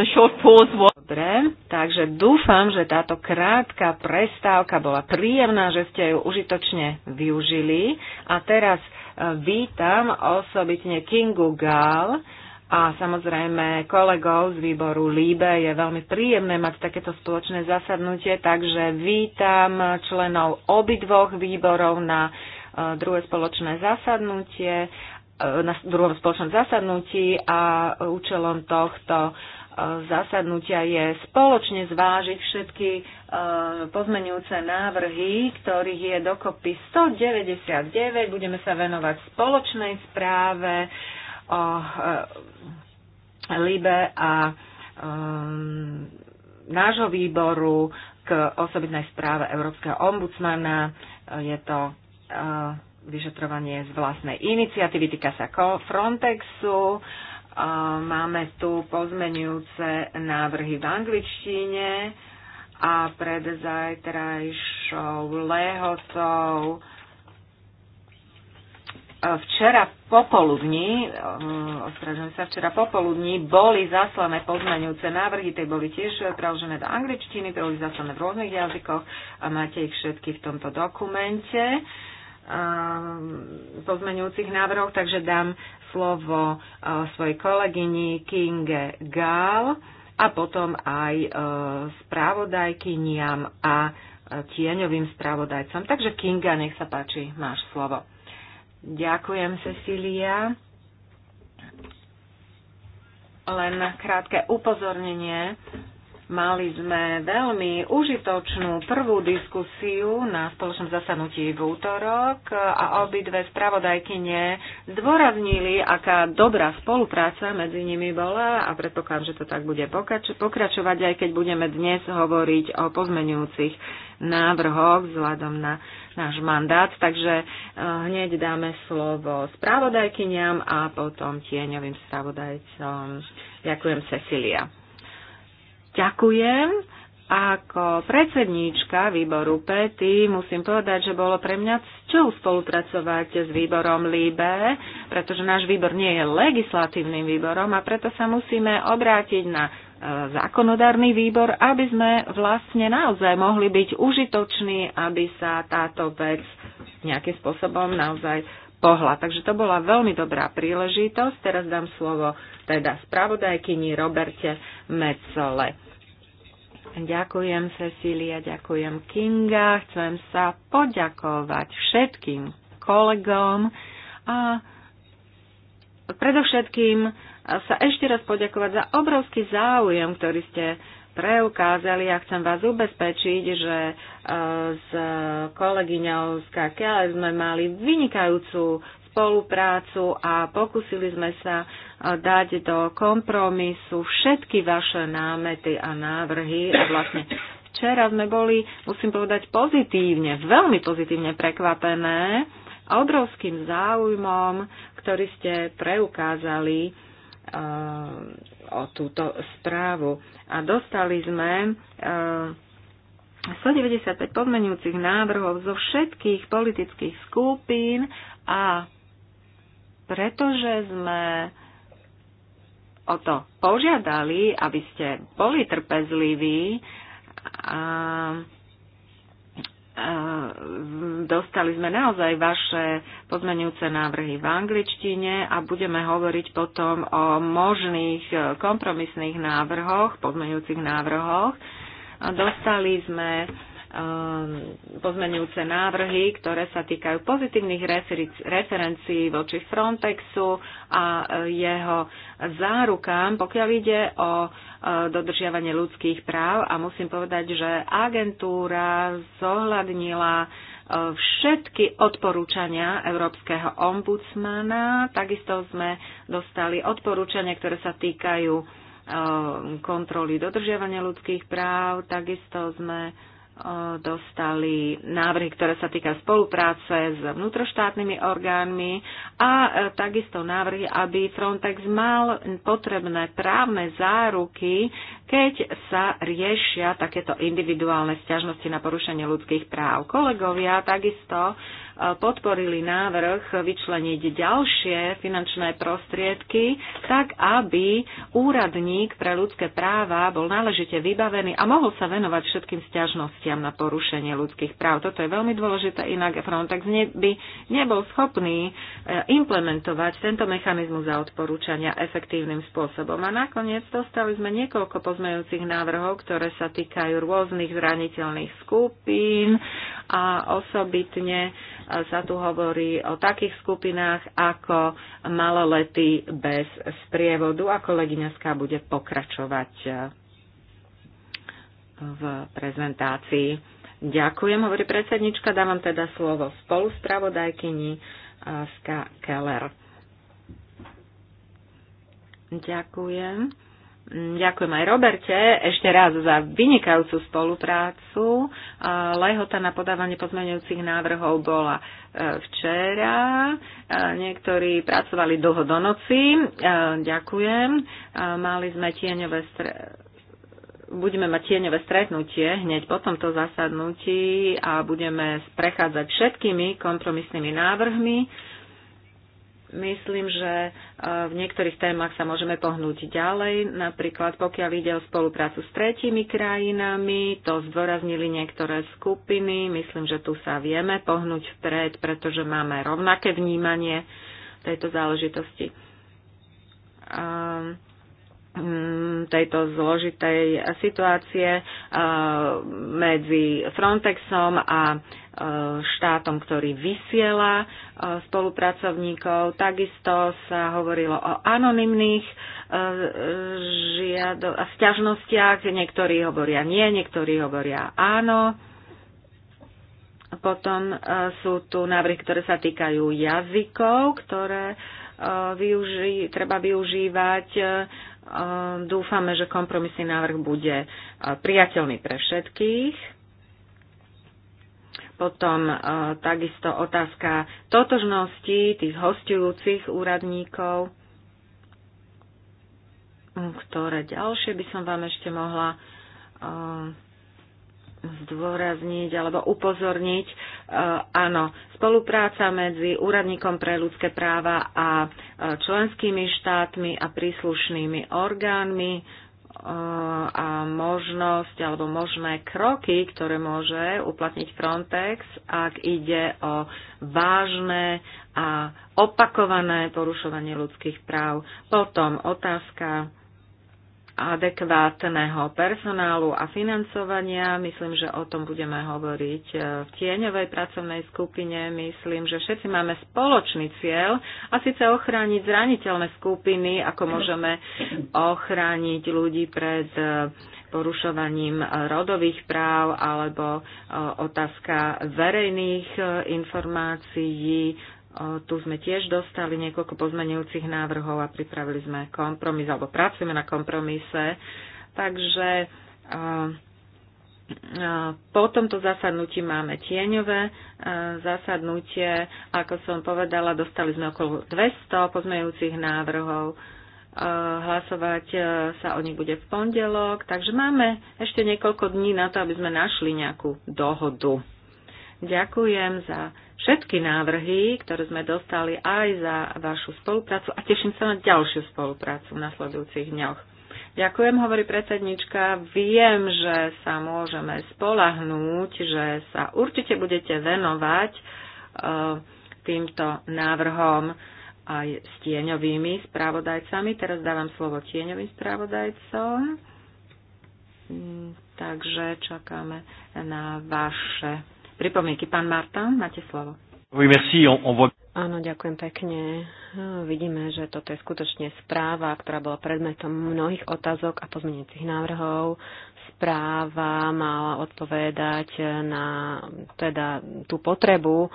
the short pause was... Dobre, takže dúfam, že táto krátka prestávka bola príjemná, že ste ju užitočne využili. A teraz e, vítam osobitne Kingu Gal a samozrejme kolegov z výboru Líbe. Je veľmi príjemné mať takéto spoločné zasadnutie, takže vítam členov obidvoch výborov na e, druhé spoločné zasadnutie E, na druhom spoločnom zasadnutí a účelom tohto e, zasadnutia je spoločne zvážiť všetky e, pozmenujúce návrhy, ktorých je dokopy 199. Budeme sa venovať spoločnej správe o LIBE a nášho výboru k osobitnej správe Európskeho ombudsmana. Je to vyšetrovanie z vlastnej iniciatívy, týka sa Frontexu. Máme tu pozmenujúce návrhy v angličtine a pred zajtrajšou lehotou e, včera popoludní, e, ospravedlňujem sa, včera popoludní boli zaslané pozmeňujúce návrhy, tie boli tiež preložené do angličtiny, boli zaslané v rôznych jazykoch a máte ich všetky v tomto dokumente. Um, pozmeňujúcich návrhoch, takže dám slovo uh, svojej kolegyni Kinge Gál a potom aj uh, správodajkyniam a uh, tieňovým správodajcom. Takže Kinga, nech sa páči, máš slovo. Ďakujem, Cecília. Len krátke upozornenie Mali sme veľmi užitočnú prvú diskusiu na spoločnom zasadnutí v útorok a obidve spravodajkyne zdôraznili, aká dobrá spolupráca medzi nimi bola a predpokladám, že to tak bude pokračovať, aj keď budeme dnes hovoriť o pozmenujúcich návrhoch vzhľadom na náš mandát. Takže eh, hneď dáme slovo spravodajkyniam a potom tieňovým spravodajcom. Ďakujem, Cecilia. Ďakujem. Ako predsedníčka výboru PETI musím povedať, že bolo pre mňa cťou spolupracovať s výborom LIBE, pretože náš výbor nie je legislatívnym výborom a preto sa musíme obrátiť na e, zákonodárny výbor, aby sme vlastne naozaj mohli byť užitoční, aby sa táto vec nejakým spôsobom naozaj pohla. Takže to bola veľmi dobrá príležitosť. Teraz dám slovo teda spravodajkyni Roberte Mecole. Ďakujem Cecília, ďakujem Kinga. Chcem sa poďakovať všetkým kolegom a predovšetkým sa ešte raz poďakovať za obrovský záujem, ktorý ste preukázali a chcem vás ubezpečiť, že e, s kolegyňou z KKL e sme mali vynikajúcu spoluprácu a pokúsili sme sa e, dať do kompromisu všetky vaše námety a návrhy a vlastne včera sme boli, musím povedať, pozitívne, veľmi pozitívne prekvapené obrovským záujmom, ktorý ste preukázali e, o túto správu. A dostali sme 195 e, podmenujúcich návrhov zo všetkých politických skupín a pretože sme o to požiadali, aby ste boli trpezliví. A, dostali sme naozaj vaše pozmenujúce návrhy v angličtine a budeme hovoriť potom o možných kompromisných návrhoch, pozmenujúcich návrhoch. dostali sme Um, pozmenujúce návrhy, ktoré sa týkajú pozitívnych referencií voči Frontexu a e, jeho zárukám, pokiaľ ide o e, dodržiavanie ľudských práv. A musím povedať, že agentúra zohľadnila e, všetky odporúčania Európskeho ombudsmana. Takisto sme dostali odporúčania, ktoré sa týkajú kontroly dodržiavania ľudských práv. Takisto sme dostali návrhy, ktoré sa týka spolupráce s vnútroštátnymi orgánmi a e, takisto návrhy, aby Frontex mal potrebné právne záruky, keď sa riešia takéto individuálne stiažnosti na porušenie ľudských práv. Kolegovia takisto podporili návrh vyčleniť ďalšie finančné prostriedky, tak aby úradník pre ľudské práva bol náležite vybavený a mohol sa venovať všetkým stiažnostiam na porušenie ľudských práv. Toto je veľmi dôležité, inak Frontex ne, by nebol schopný e, implementovať tento mechanizmus za odporúčania efektívnym spôsobom. A nakoniec dostali sme niekoľko pozmejúcich návrhov, ktoré sa týkajú rôznych zraniteľných skupín a osobitne sa tu hovorí o takých skupinách ako malolety bez sprievodu a kolegyňaská bude pokračovať v prezentácii. Ďakujem, hovorí predsednička, dávam teda slovo spolu spravodajkyni eh, Ska Keller. Ďakujem. Ďakujem aj Roberte ešte raz za vynikajúcu spoluprácu. Lehota na podávanie pozmeňujúcich návrhov bola e, včera. E, niektorí pracovali dlho do noci. E, ďakujem. Mali sme tieňové stre... Budeme mať tieňové stretnutie hneď po tomto zasadnutí a budeme prechádzať všetkými kompromisnými návrhmi Myslím, že e, v niektorých témach sa môžeme pohnúť ďalej, napríklad pokiaľ ide o spoluprácu s tretími krajinami, to zdôraznili niektoré skupiny, myslím, že tu sa vieme pohnúť vpred, pretože máme rovnaké vnímanie tejto záležitosti mm, tejto zložitej situácie medzi Frontexom a štátom, ktorý vysiela e, spolupracovníkov. Takisto sa hovorilo o anonimných e, žiado- sťažnostiach. Niektorí hovoria nie, niektorí hovoria áno. Potom e, sú tu návrhy, ktoré sa týkajú jazykov, ktoré využi- treba využívať. Dúfame, že kompromisný návrh bude priateľný pre všetkých. Potom e, takisto otázka totožnosti tých hostujúcich úradníkov, mm, ktoré ďalšie by som vám ešte mohla e, zdôrazniť alebo upozorniť. E, áno, spolupráca medzi úradníkom pre ľudské práva a členskými štátmi a príslušnými orgánmi a možnosť alebo možné kroky, ktoré môže uplatniť Frontex, ak ide o vážne a opakované porušovanie ľudských práv. Potom otázka adekvátneho personálu a financovania. Myslím, že o tom budeme hovoriť e, v tieňovej pracovnej skupine. Myslím, že všetci máme spoločný cieľ a síce ochrániť zraniteľné skupiny, ako môžeme ochrániť ľudí pred e, porušovaním e, rodových práv alebo otázka verejných informácií, tu sme tiež dostali niekoľko pozmenujúcich návrhov a pripravili sme kompromis, alebo pracujeme na kompromise. Takže po tomto zasadnutí máme tieňové zasadnutie. Ako som povedala, dostali sme okolo 200 pozmenujúcich návrhov. Hlasovať sa o nich bude v pondelok, takže máme ešte niekoľko dní na to, aby sme našli nejakú dohodu. Ďakujem za všetky návrhy, ktoré sme dostali aj za vašu spoluprácu a teším sa na ďalšiu spoluprácu v nasledujúcich dňoch. Ďakujem, hovorí predsednička. Viem, že sa môžeme spolahnúť, že sa určite budete venovať e, týmto návrhom aj s tieňovými správodajcami. Teraz dávam slovo tieňovým správodajcom. Mm, takže čakáme na vaše pripomienky. Pán Marta, máte slovo. Oui, merci. On, on voit... Áno, ďakujem pekne. Vidíme, že toto je skutočne správa, ktorá bola predmetom mnohých otázok a pozmeňujúcich návrhov. Správa mala odpovedať na teda tú potrebu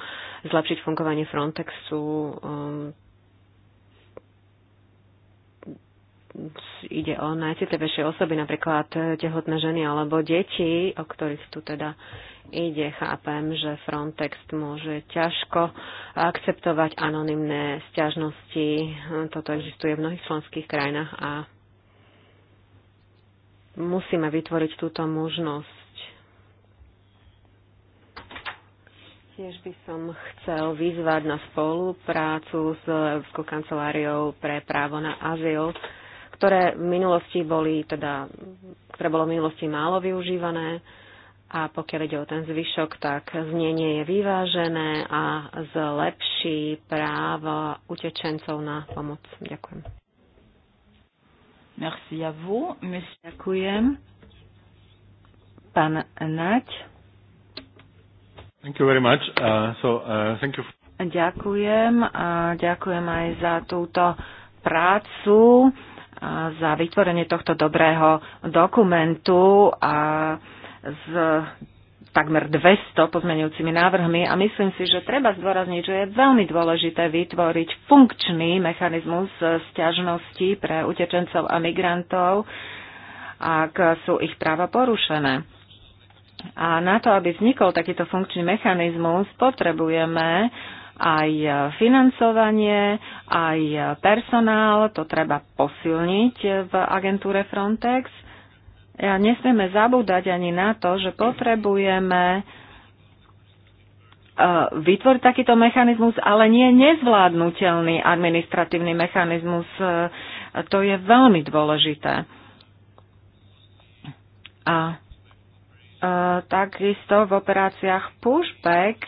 zlepšiť fungovanie Frontexu. Hm, ide o najcitlivejšie osoby, napríklad tehotné ženy alebo deti, o ktorých tu teda uh, ide. Chápem, že Frontex môže ťažko akceptovať anonymné stiažnosti. Toto existuje v mnohých členských krajinách a musíme vytvoriť túto možnosť. Tiež by som chcel vyzvať na spoluprácu s Európskou kanceláriou pre právo na azyl, ktoré v minulosti boli, teda, ktoré bolo v minulosti málo využívané a pokiaľ ide o ten zvyšok, tak znenie je vyvážené a zlepší práva utečencov na pomoc. Ďakujem. Merci à vous. Ďakujem. Pán Naď. Thank you very much. Uh, so, uh, thank you. Ďakujem. A ďakujem aj za túto prácu, a za vytvorenie tohto dobrého dokumentu a s takmer 200 pozmeňujúcimi návrhmi a myslím si, že treba zdôrazniť, že je veľmi dôležité vytvoriť funkčný mechanizmus sťažnosti pre utečencov a migrantov, ak sú ich práva porušené. A na to, aby vznikol takýto funkčný mechanizmus, potrebujeme aj financovanie, aj personál, to treba posilniť v agentúre Frontex a nesmieme zabúdať ani na to, že potrebujeme e, vytvoriť takýto mechanizmus, ale nie nezvládnutelný administratívny mechanizmus. E, to je veľmi dôležité. A e, takisto v operáciách pushback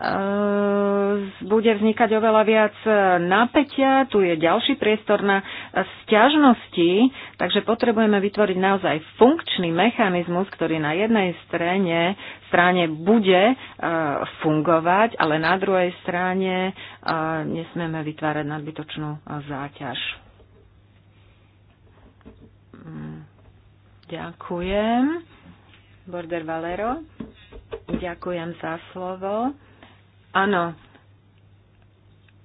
Eh, bude vznikať oveľa viac eh, napätia, tu je ďalší priestor na eh, stiažnosti, takže potrebujeme vytvoriť naozaj funkčný mechanizmus, ktorý na jednej strane, strane bude fungovať, ale na druhej strane nesmieme vytvárať nadbytočnú záťaž. Mm, ďakujem. Border Valero. Ďakujem za slovo. Áno,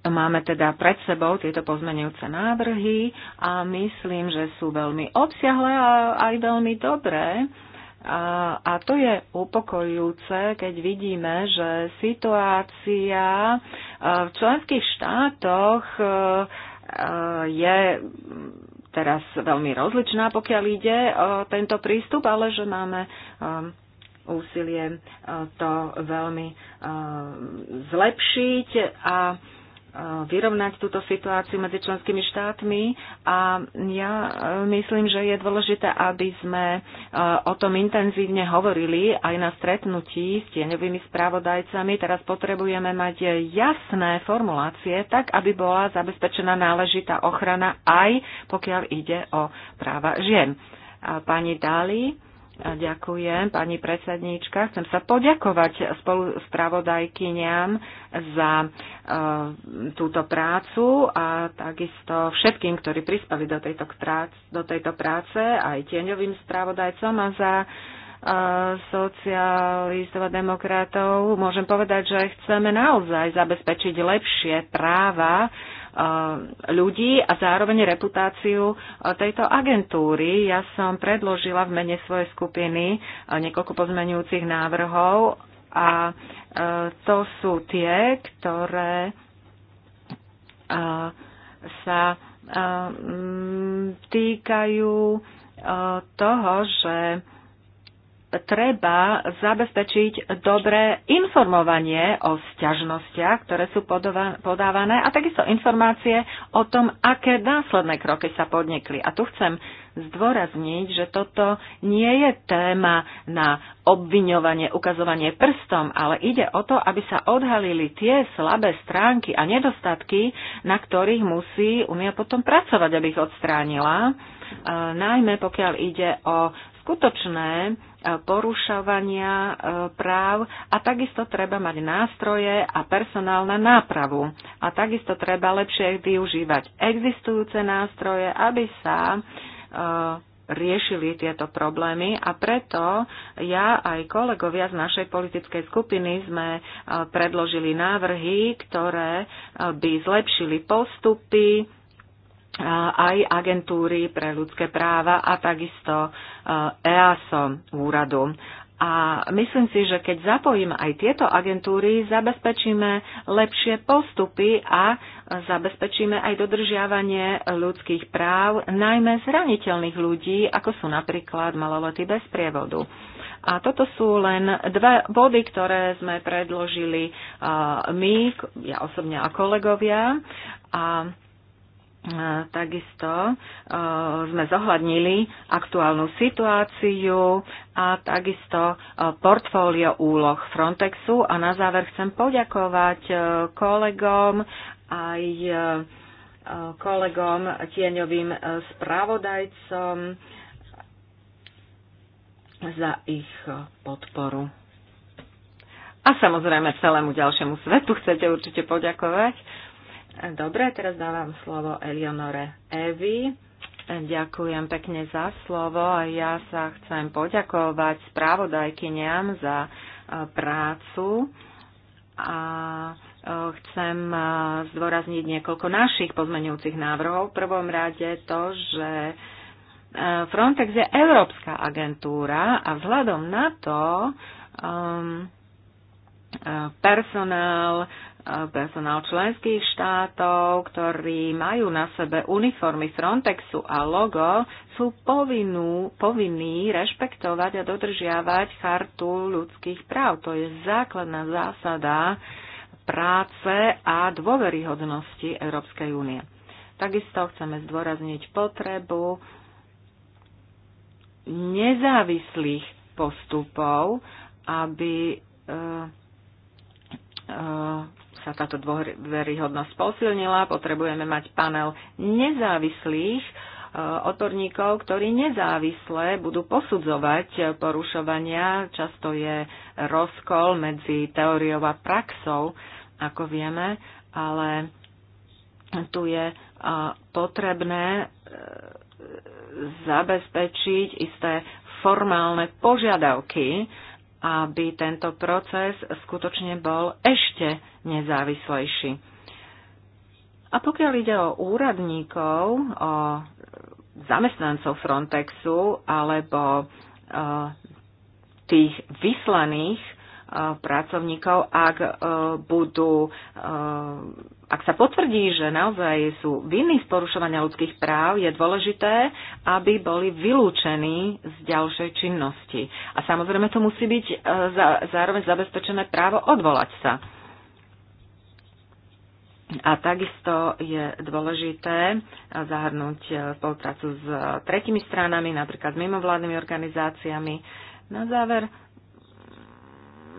Máme teda pred sebou tieto pozmenujúce návrhy a myslím, že sú veľmi obsiahle a aj veľmi dobré. A, a to je upokojujúce, keď vidíme, že situácia e, v členských štátoch e, e, je teraz veľmi rozličná, pokiaľ ide o tento prístup, ale že máme úsilie e, to veľmi e, zlepšiť a e, vyrovnať túto situáciu medzi členskými štátmi a ja myslím, že je dôležité, aby sme o tom intenzívne hovorili aj na stretnutí s tieňovými správodajcami. Teraz potrebujeme mať jasné formulácie, tak aby bola zabezpečená náležitá ochrana aj pokiaľ ide o práva žien. Pani Dali Ďakujem, pani predsedníčka. Chcem sa poďakovať spolu spravodajkyniam za e, túto prácu a takisto všetkým, ktorí prispali do tejto, do tejto práce, aj tieňovým spravodajcom a za e, socialistov a demokratov. Môžem povedať, že chceme naozaj zabezpečiť lepšie práva Eh, ľudí a zároveň reputáciu eh, tejto agentúry. Ja som predložila v mene svojej skupiny eh, niekoľko pozmenujúcich návrhov a to sú tie, ktoré sa týkajú toho, že treba zabezpečiť dobré informovanie o sťažnostiach, ktoré sú podávané a takisto informácie o tom, aké následné kroky sa podnikli. A tu chcem zdôrazniť, že toto nie je téma na obviňovanie, ukazovanie prstom, ale ide o to, aby sa odhalili tie slabé stránky a nedostatky, na ktorých musí Unia potom pracovať, aby ich odstránila, e, najmä pokiaľ ide o skutočné porušovania e, práv a takisto treba mať nástroje a personál na nápravu. A takisto treba lepšie využívať existujúce nástroje, aby sa e, riešili tieto problémy a preto ja aj kolegovia z našej politickej skupiny sme e, predložili návrhy, ktoré by zlepšili postupy, aj agentúry pre ľudské práva a takisto EASO e úradu. A myslím si, že keď zapojím aj tieto agentúry, zabezpečíme lepšie postupy a zabezpečíme aj dodržiavanie ľudských práv, najmä zraniteľných ľudí, ako sú napríklad malolety bez prievodu. A toto sú len dve body, ktoré sme predložili e, my, ja osobne a kolegovia. A Eh, takisto eh, sme zohľadnili aktuálnu situáciu a takisto eh, portfólio úloh Frontexu. A na záver chcem poďakovať kolegom aj kolegom tieňovým správodajcom za ich podporu. A samozrejme celému ďalšiemu svetu chcete určite poďakovať. Dobre, teraz dávam slovo Eleonore Evi. Ďakujem pekne za slovo a ja sa chcem poďakovať správodajkyniam za e, prácu a e, chcem e, zdôrazniť niekoľko našich pozmenujúcich návrhov. V prvom rade to, že Frontex je európska agentúra a vzhľadom na to um, personál personál členských štátov, ktorí majú na sebe uniformy Frontexu a logo, sú povinnú, povinní rešpektovať a dodržiavať chartu ľudských práv. To je základná zásada práce a dôveryhodnosti Európskej únie. Takisto chceme zdôrazniť potrebu nezávislých postupov, aby eh, eh, sa táto dôveryhodnosť posilnila, potrebujeme mať panel nezávislých e, odborníkov, ktorí nezávisle budú posudzovať porušovania. Často je rozkol medzi teóriou a praxou, ako vieme, ale tu je e, potrebné e, zabezpečiť isté formálne požiadavky, aby tento proces skutočne bol ešte nezávislejší. A pokiaľ ide o úradníkov, o zamestnancov Frontexu alebo e, tých vyslaných e, pracovníkov, ak e, budú ak sa potvrdí, že naozaj sú vinní z porušovania ľudských práv, je dôležité, aby boli vylúčení z ďalšej činnosti. A samozrejme to musí byť e, zároveň zabezpečené právo odvolať sa. A takisto je dôležité e, zahrnúť e, spoluprácu s tretimi stranami, napríklad s mimovládnymi organizáciami. Na záver,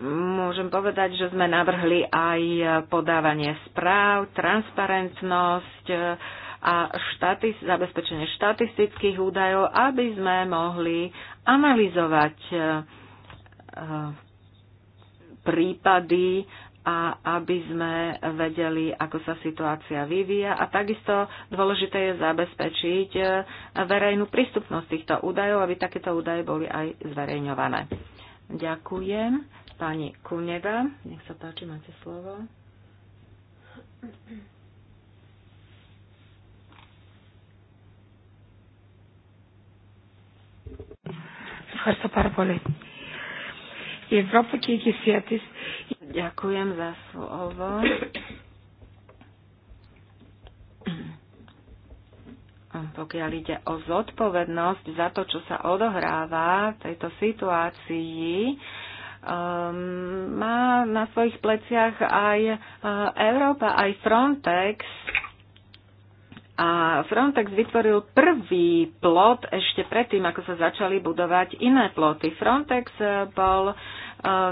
môžem povedať, že sme navrhli aj podávanie správ, transparentnosť a štati- zabezpečenie štatistických údajov, aby sme mohli analyzovať eh, prípady a aby sme vedeli, ako sa situácia vyvíja. A takisto dôležité je zabezpečiť eh, verejnú prístupnosť týchto údajov, aby takéto údaje boli aj zverejňované. Ďakujem pani Kuneva. Nech sa páči, máte slovo. Ďakujem za slovo. Pokiaľ ide o zodpovednosť za to, čo sa odohráva v tejto situácii, um, má na svojich pleciach aj uh, Európa, aj Frontex. A Frontex vytvoril prvý plot ešte predtým, ako sa začali budovať iné ploty. Frontex eh, bol uh,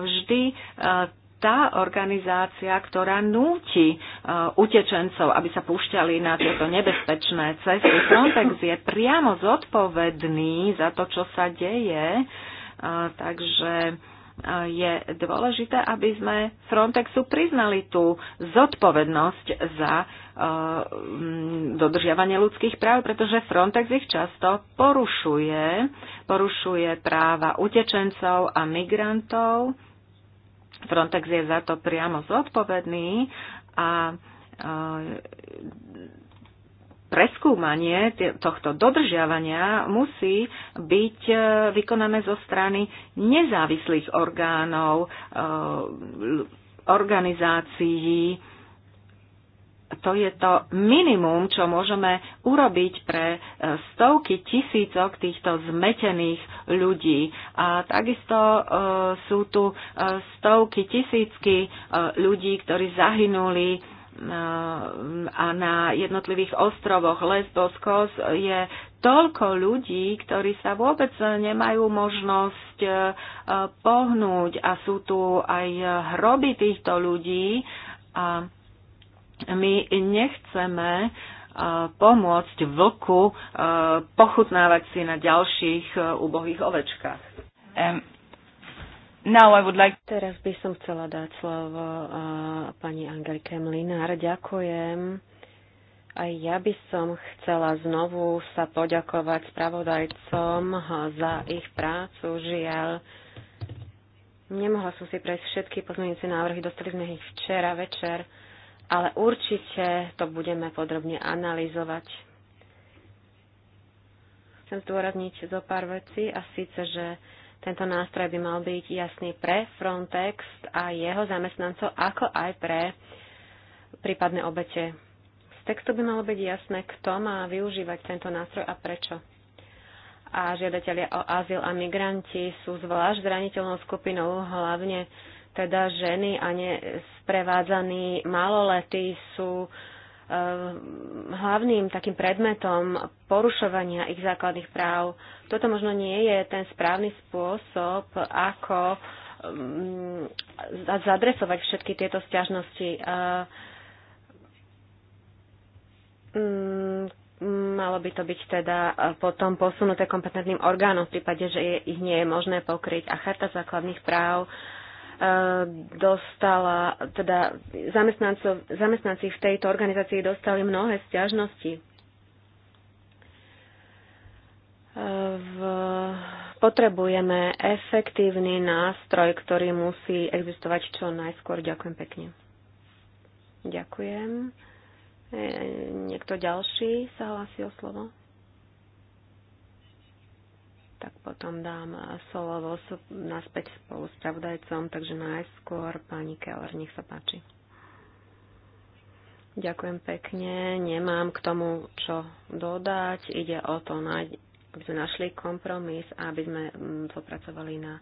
vždy uh, tá organizácia, ktorá núti uh, utečencov, aby sa púšťali na tieto nebezpečné cesty. Frontex je priamo zodpovedný za to, čo sa deje, uh, takže je dôležité, aby sme Frontexu priznali tú zodpovednosť za e, dodržiavanie ľudských práv, pretože Frontex ich často porušuje. Porušuje práva utečencov a migrantov. Frontex je za to priamo zodpovedný a e, preskúmanie tohto dodržiavania musí byť e, vykonané zo strany nezávislých orgánov, e, organizácií. To je to minimum, čo môžeme urobiť pre e, stovky tisícok týchto zmetených ľudí. A takisto sú tu stovky tisícky ľudí, ktorí zahynuli a na jednotlivých ostrovoch Lesbos, Kos je toľko ľudí, ktorí sa vôbec nemajú možnosť e, pohnúť a sú tu aj hroby týchto ľudí a my nechceme e, pomôcť vlku e, pochutnávať si na ďalších ubohých ovečkách. Now I would like... Teraz by som chcela dať slovo uh, pani Angelike Mlinár. Ďakujem. Aj ja by som chcela znovu sa poďakovať spravodajcom za ich prácu. Žiaľ, nemohla som si prejsť všetky pozmeňujúce návrhy, dostali sme ich včera večer, ale určite to budeme podrobne analyzovať. Chcem zdôrazniť zo pár vecí a síce, že tento nástroj by mal byť jasný pre Frontex a jeho zamestnancov, ako aj pre prípadné obete. Z textu by malo byť jasné, kto má využívať tento nástroj a prečo. A žiadatelia o azyl a migranti sú zvlášť zraniteľnou skupinou, hlavne teda ženy a nesprevádzaní maloletí sú uh, Eh, hlavným takým predmetom porušovania ich základných práv. Toto možno nie je ten správny spôsob, ako mm, zadresovať všetky tieto stiažnosti. Eh, mm, malo by to byť teda eh, potom posunuté kompetentným orgánom v prípade, že ich nie je možné pokryť. A Charta základných práv Eh, dostala, teda zamestnanci v tejto organizácii dostali mnohé stiažnosti. Eh, v, potrebujeme efektívny nástroj, ktorý musí existovať čo najskôr. Ďakujem pekne. Ďakujem. Eh, niekto ďalší sa hlási o slovo? tak potom dám slovo naspäť spolu s pravdajcom, takže najskôr pani Keller, nech sa páči. Ďakujem pekne, nemám k tomu čo dodať, ide o to, aby sme našli kompromis a aby sme mm, popracovali na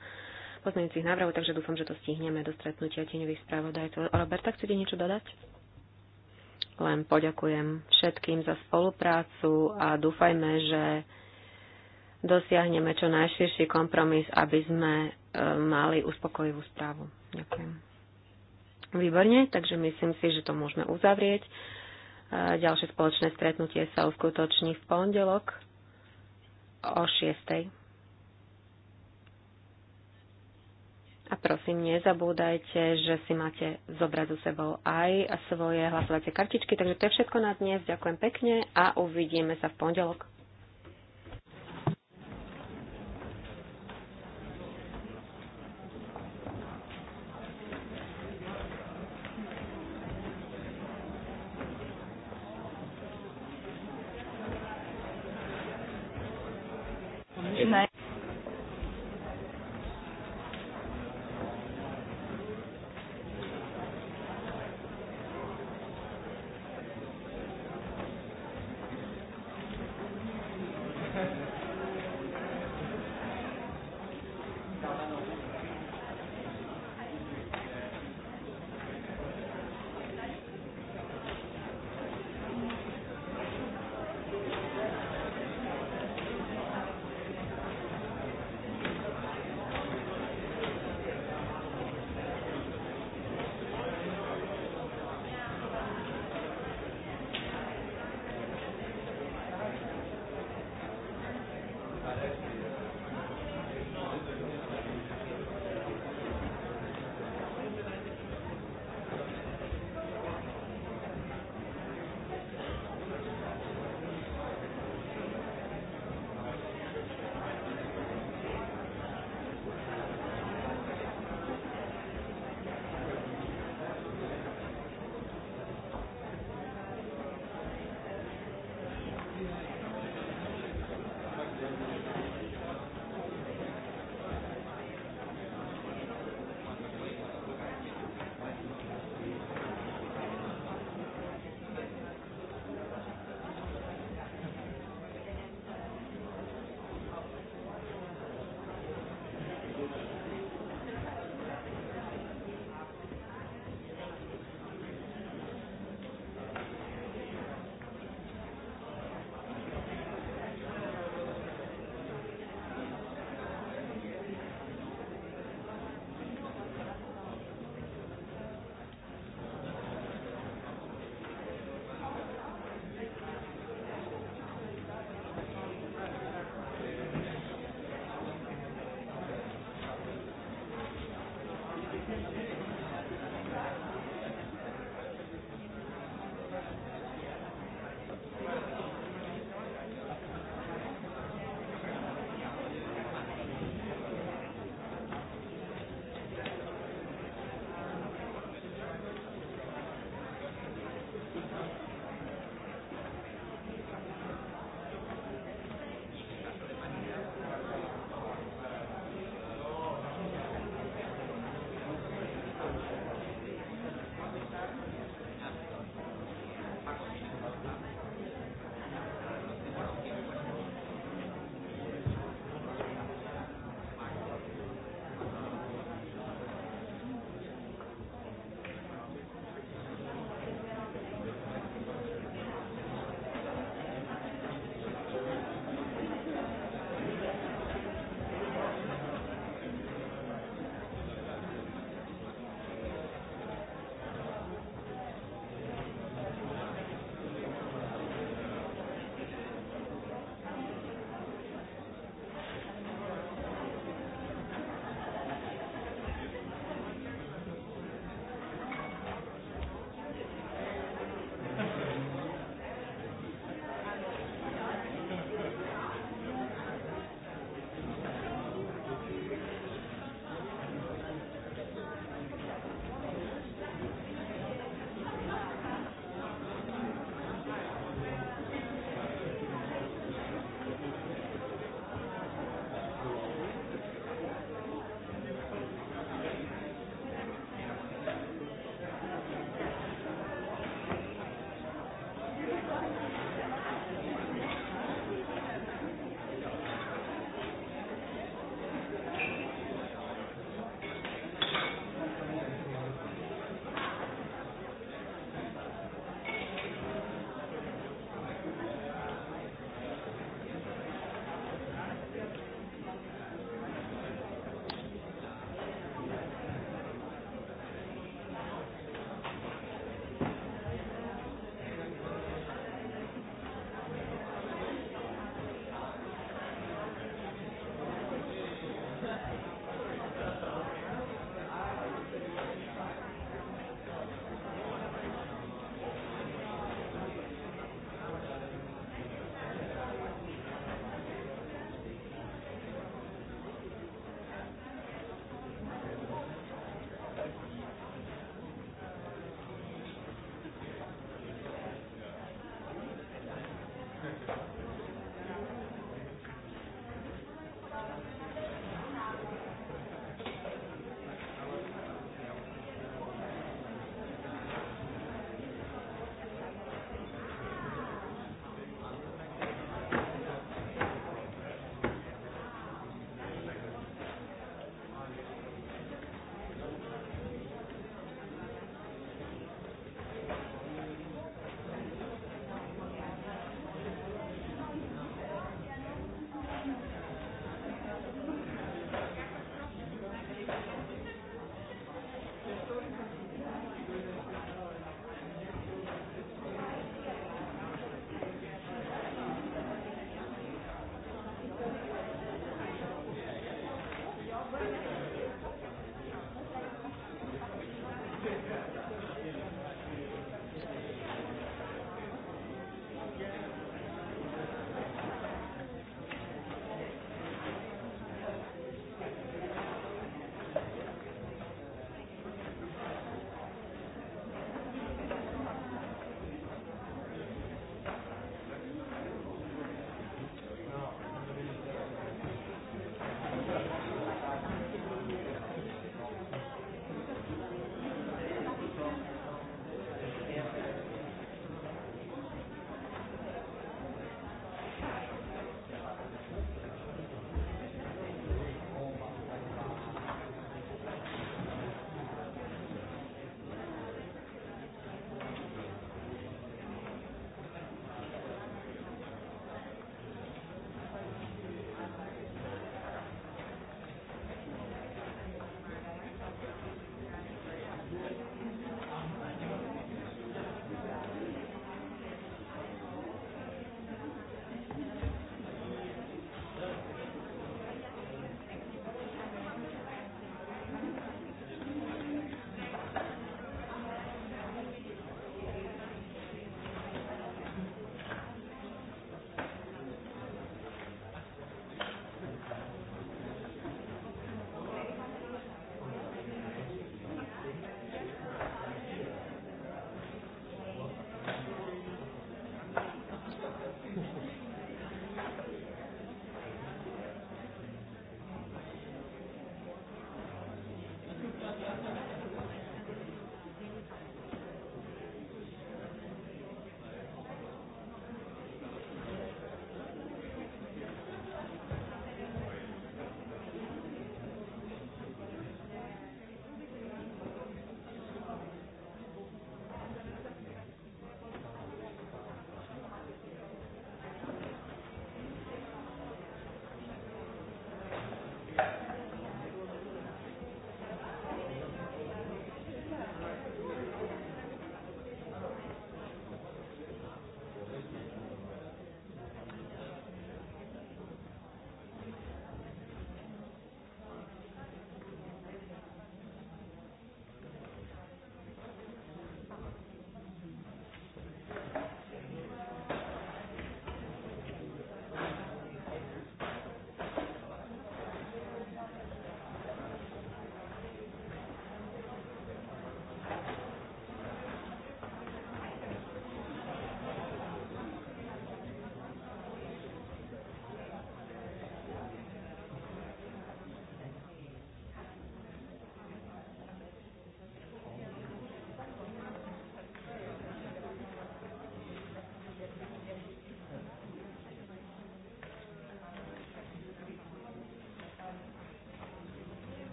pozmeňujúcich návrhov, takže dúfam, že to stihneme do stretnutia tieňových spravodajcov. Roberta, chcete niečo dodať? Len poďakujem všetkým za spoluprácu a dúfajme, že dosiahneme čo najširší kompromis, aby sme e, mali uspokojivú správu. Ďakujem. Výborne, takže myslím si, že to môžeme uzavrieť. E, ďalšie spoločné stretnutie sa uskutoční v pondelok o 6. A prosím, nezabúdajte, že si máte zobrať so sebou aj svoje hlasovacie kartičky. Takže to je všetko na dnes. Ďakujem pekne a uvidíme sa v pondelok.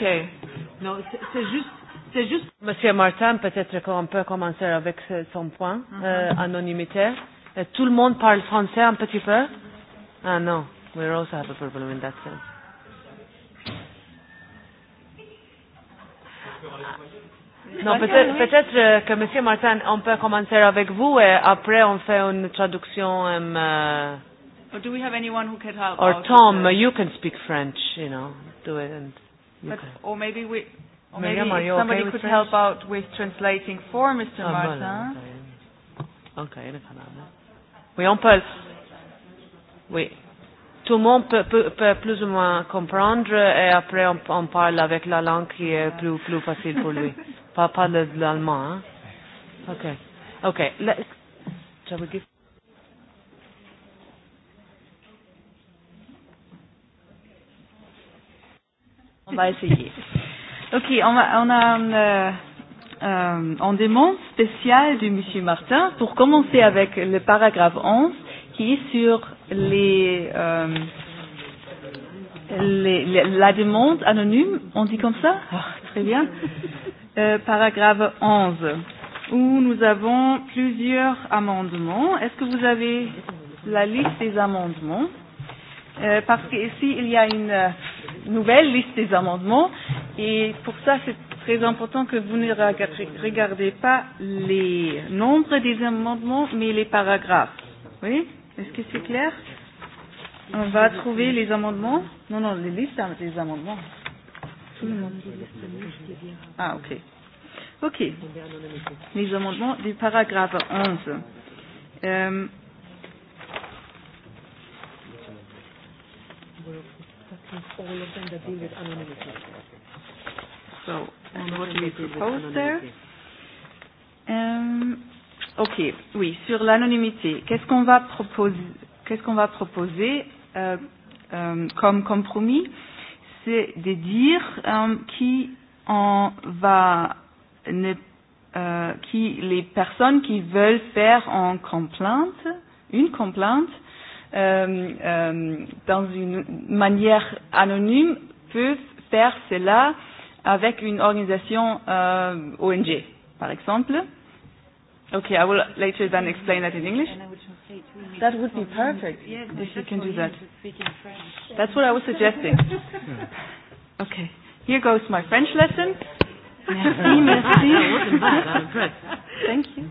Ok. Non, c'est juste. C'est juste. Monsieur Martin, peut-être qu'on peut commencer avec son point, mm -hmm. euh, anonymité. Uh, tout le monde parle français un petit peu Ah non, we also have a problem in that sense. Ah. Non, peut-être peut, euh, que Monsieur Martin, on peut commencer avec vous et après on fait une traduction. Um, uh, Or do we have anyone who can help? Or Tom, the... you can speak French, you know, do it. And... But, or maybe we, or maybe Miriam, somebody okay could help out with translating for Mr. Ah, Martin. Okay, oui, on peut. Oui. Tout le monde peut, peut, peut plus ou moins comprendre et après on, on parle avec la langue qui est plus, plus facile pour lui. [LAUGHS] pas pas l'allemand. Hein? Ok. Ok. Let's, shall we give On va essayer. Ok, on va on a un, euh, un euh, demande spéciale de Monsieur Martin pour commencer avec le paragraphe 11 qui est sur les, euh, les, les la demande anonyme. On dit comme ça oh, Très bien. Euh, paragraphe 11 où nous avons plusieurs amendements. Est-ce que vous avez la liste des amendements euh, parce qu'ici, il y a une euh, nouvelle liste des amendements et pour ça, c'est très important que vous ne regardez pas les nombres des amendements, mais les paragraphes. Oui Est-ce que c'est clair On va trouver les amendements Non, non, les listes des amendements. Tout le monde. Ah, ok. Ok. Les amendements du paragraphe 11. Euh, of all of them that deal with anonymity. So, and what do we propose there? Um, ok, oui, sur l'anonymité, qu'est-ce qu'on va proposer, qu'est-ce qu'on va proposer euh, euh, comme compromis C'est de dire euh, qui on va ne, euh, qui les personnes qui veulent faire une complainte, une complainte, euh, euh, dans une manière anonyme peuvent faire cela avec une organisation euh, ONG, par exemple. Okay, I will later then explain that in English. That would be perfect yes, if you can do that. That's what I was suggesting. [LAUGHS] okay, here goes my French lesson. [LAUGHS] Merci, merci. [LAUGHS] Thank you.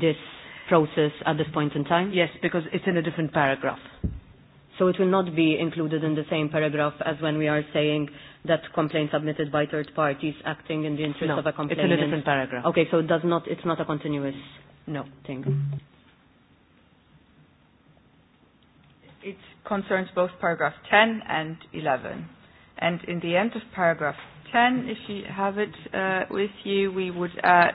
this process at this point in time? Yes, because it's in a different paragraph. So it will not be included in the same paragraph as when we are saying that complaints submitted by third parties acting in the interest no, of a complainant. it's in a different paragraph. Okay, so it does not, it's not a continuous no thing. It concerns both paragraph 10 and 11. And in the end of paragraph 10, if you have it uh, with you, we would add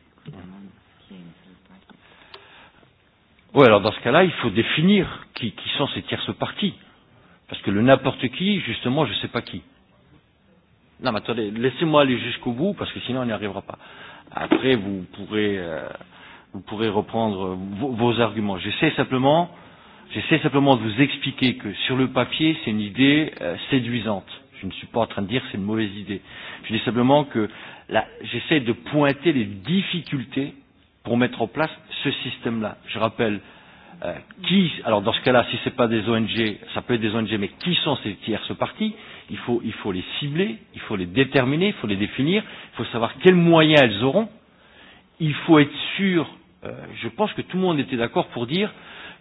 Oui, alors dans ce cas-là, il faut définir qui, qui sont ces tierces parties. Parce que le n'importe qui, justement, je ne sais pas qui. Non, mais attendez, laissez-moi aller jusqu'au bout, parce que sinon on n'y arrivera pas. Après, vous pourrez, euh, vous pourrez reprendre vos, vos arguments. J'essaie simplement, simplement de vous expliquer que sur le papier, c'est une idée euh, séduisante. Je ne suis pas en train de dire que c'est une mauvaise idée. Je dis simplement que euh, j'essaie de pointer les difficultés pour mettre en place ce système-là. Je rappelle euh, qui, alors dans ce cas-là, si ce n'est pas des ONG, ça peut être des ONG, mais qui sont ces tierces parties il faut, il faut les cibler, il faut les déterminer, il faut les définir, il faut savoir quels moyens elles auront. Il faut être sûr, euh, je pense que tout le monde était d'accord pour dire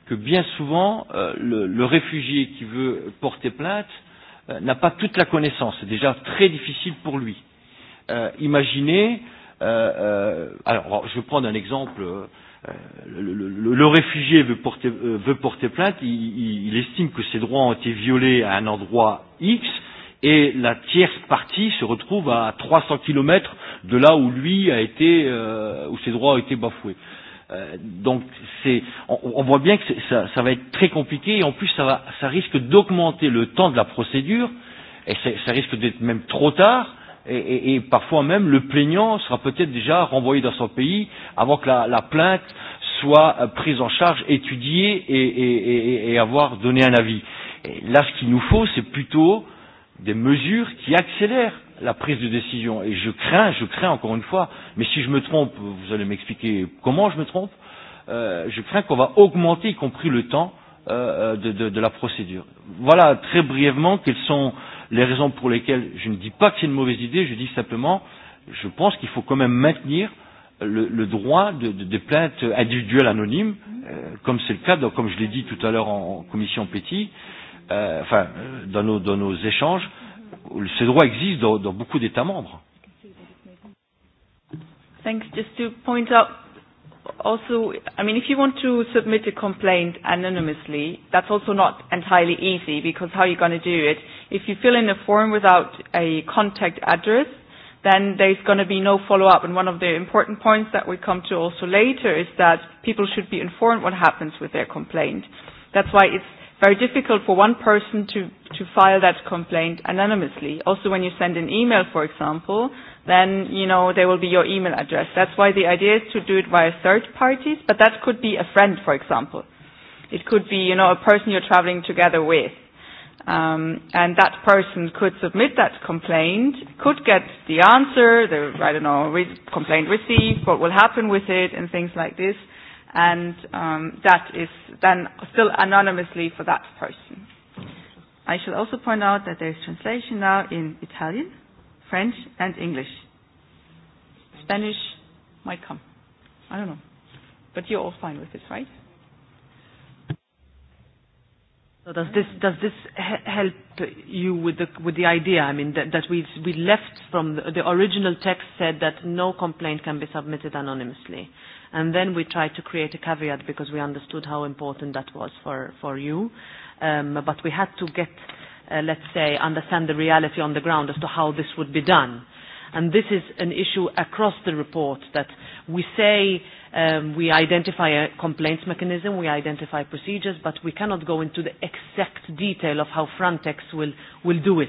que bien souvent, euh, le, le réfugié qui veut porter plainte euh, n'a pas toute la connaissance. C'est déjà très difficile pour lui euh, imaginez, euh, euh, alors je vais prendre un exemple. Euh, le, le, le réfugié veut porter, euh, veut porter plainte, il, il, il estime que ses droits ont été violés à un endroit X, et la tierce partie se retrouve à 300 kilomètres de là où lui a été, euh, où ses droits ont été bafoués. Euh, donc c'est, on, on voit bien que ça, ça va être très compliqué et en plus ça, va, ça risque d'augmenter le temps de la procédure et ça risque d'être même trop tard et, et parfois même le plaignant sera peut-être déjà renvoyé dans son pays avant que la, la plainte soit euh, prise en charge, étudiée et, et, et, et avoir donné un avis. Et là, ce qu'il nous faut, c'est plutôt des mesures qui accélèrent la prise de décision. Et je crains, je crains encore une fois, mais si je me trompe, vous allez m'expliquer comment je me trompe, euh, je crains qu'on va augmenter, y compris le temps euh, euh de, de, de la procédure. Voilà très brièvement quels sont euh, les raisons pour lesquelles je ne dis pas que c'est une mauvaise idée, je dis simplement, je pense qu'il faut quand même maintenir le, le droit de, de, des plaintes individuelles anonymes, euh, comme c'est le cas, donc, comme je l'ai dit tout à l'heure en, en commission Petit, euh, enfin, euh, dans nos, dans nos échanges, ces droits existent dans, dans beaucoup d'États membres. Thanks. Just to point out also, I mean, if you want to submit a complaint anonymously, that's also not entirely easy because how are you going to do it? If you fill in a form without a contact address, then there's going to be no follow-up. And one of the important points that we come to also later is that people should be informed what happens with their complaint. That's why it's very difficult for one person to, to file that complaint anonymously. Also, when you send an email, for example, then you know there will be your email address. That's why the idea is to do it via third parties, but that could be a friend, for example. It could be you know a person you're traveling together with, um, and that person could submit that complaint, could get the answer, the I don't know re- complaint received, what will happen with it, and things like this, and um, that is then still anonymously for that person. I shall also point out that there is translation now in Italian French and English. Spanish might come. I don't know. But you're all fine with this, right? So does this does this help you with the with the idea? I mean that, that we we left from the, the original text said that no complaint can be submitted anonymously, and then we tried to create a caveat because we understood how important that was for for you, um, but we had to get uh, let's say, understand the reality on the ground as to how this would be done. And this is an issue across the report that we say um, we identify a complaints mechanism, we identify procedures, but we cannot go into the exact detail of how Frontex will, will do it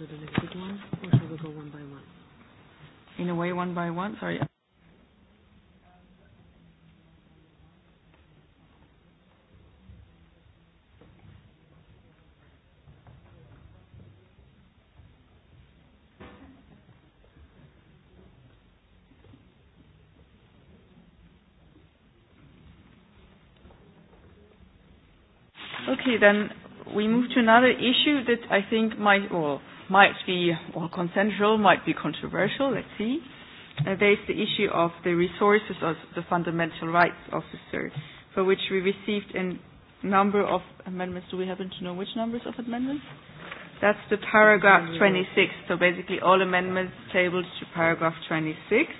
go to the next one, or should we go one by one? In a way, one by one? Sorry. Okay, then we move to another issue that I think might, well, might be well, consensual, might be controversial, let's see. Uh, there is the issue of the resources of the fundamental rights officer, for which we received a number of amendments. Do we happen to know which numbers of amendments? That's the paragraph 26. Mm-hmm. So basically all amendments tabled to paragraph 26.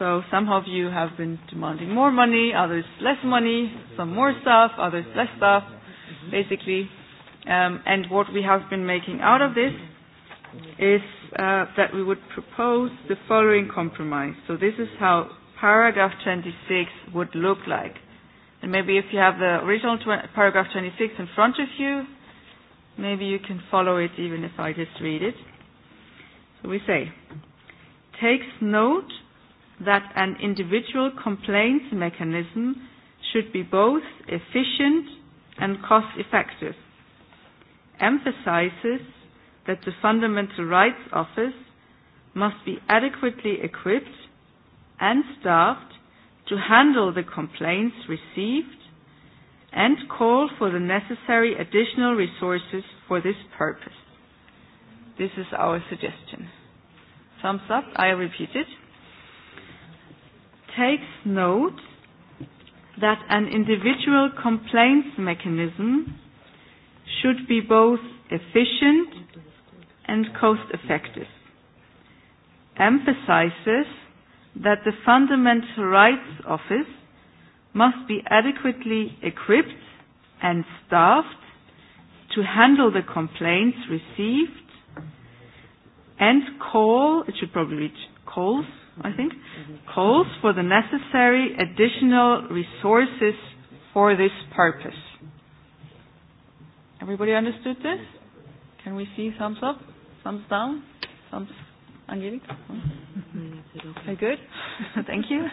So some of you have been demanding more money, others less money, some more stuff, others less stuff. Basically, Um, and what we have been making out of this is uh, that we would propose the following compromise. So this is how paragraph 26 would look like. And maybe if you have the original tw- paragraph 26 in front of you, maybe you can follow it even if I just read it. So we say, takes note that an individual complaints mechanism should be both efficient and cost effective emphasizes that the Fundamental Rights Office must be adequately equipped and staffed to handle the complaints received and call for the necessary additional resources for this purpose. This is our suggestion. Thumbs up, I repeat it. Takes note that an individual complaints mechanism should be both efficient and cost effective. Emphasizes that the Fundamental Rights Office must be adequately equipped and staffed to handle the complaints received and call, it should probably reach calls, I think, calls for the necessary additional resources for this purpose. Everybody understood this? Can we see thumbs up, thumbs down, thumbs? Angelica? Mm-hmm. Okay, good. [LAUGHS] Thank you.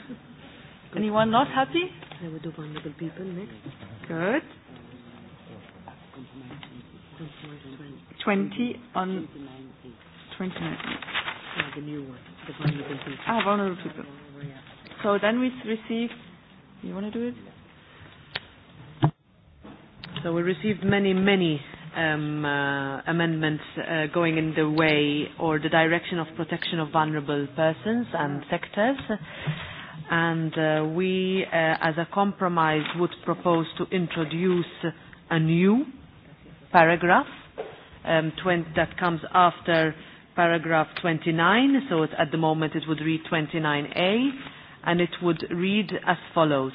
Anyone not happy? There were do vulnerable people next. Good. 20 on 29. Ah, vulnerable people. So then we receive. you want to do it? So we received many, many um, uh, amendments uh, going in the way or the direction of protection of vulnerable persons and sectors. And uh, we, uh, as a compromise, would propose to introduce a new paragraph um, 20, that comes after paragraph 29. So at the moment it would read 29A, and it would read as follows.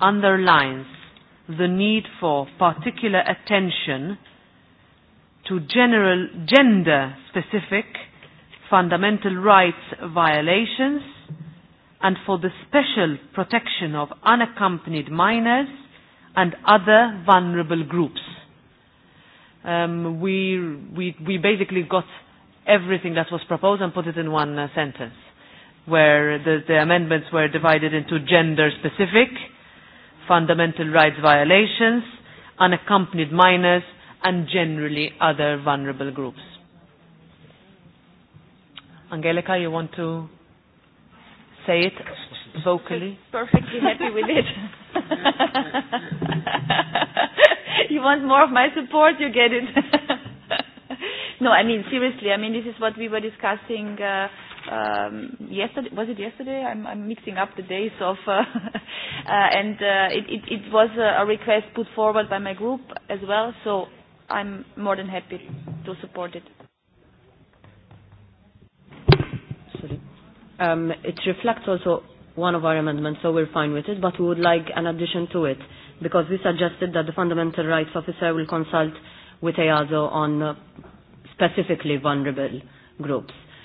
Underlines the need for particular attention to general gender specific fundamental rights violations and for the special protection of unaccompanied minors and other vulnerable groups. Um, we, we, we basically got everything that was proposed and put it in one uh, sentence, where the, the amendments were divided into gender specific, fundamental rights violations, unaccompanied minors, and generally other vulnerable groups. Angelica, you want to say it vocally? Perfectly happy with it. [LAUGHS] you want more of my support, you get it. [LAUGHS] no, I mean, seriously, I mean, this is what we were discussing. Uh, um, yesterday was it yesterday I'm, I'm mixing up the days of uh, [LAUGHS] uh, and uh, it, it, it was a request put forward by my group as well so I'm more than happy to support it Sorry. Um, it reflects also one of our amendments so we're fine with it but we would like an addition to it because we suggested that the fundamental rights officer will consult with EASO on uh, specifically vulnerable groups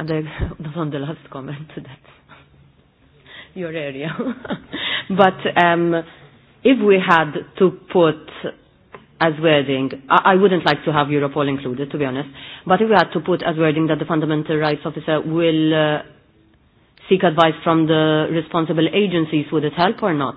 and I, not on the last comment, that's your area. [LAUGHS] but um, if we had to put as wording, I, I wouldn't like to have Europol included, to be honest, but if we had to put as wording that the fundamental rights officer will uh, seek advice from the responsible agencies, would it help or not?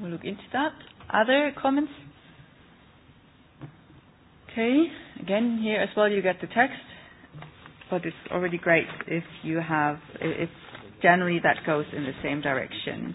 We'll look into that. Other comments? Okay. Again, here as well, you get the text, but it's already great if you have, if generally that goes in the same direction.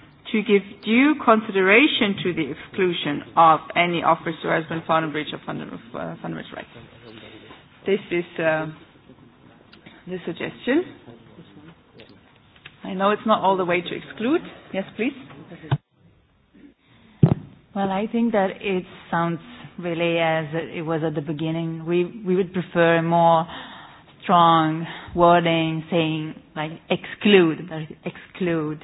to give due consideration to the exclusion of any offers who has been found in breach of fundamental uh, rights. This is uh, the suggestion. I know it's not all the way to exclude. Yes, please. Well, I think that it sounds really as it was at the beginning. We we would prefer a more strong wording saying like exclude, exclude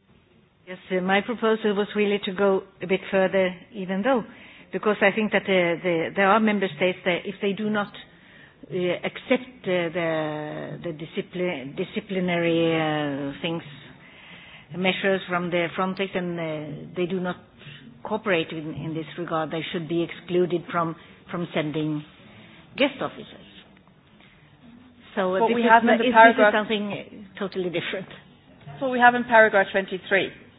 Yes, uh, my proposal was really to go a bit further, even though, because I think that uh the, there are member states that if they do not uh, accept uh, the, the discipli- disciplinary uh, things, measures from the Frontex, and uh, they do not cooperate in, in this regard, they should be excluded from, from sending guest officers. So uh, what we have in the is, paragraph, this is something totally different. That's what we have in paragraph 23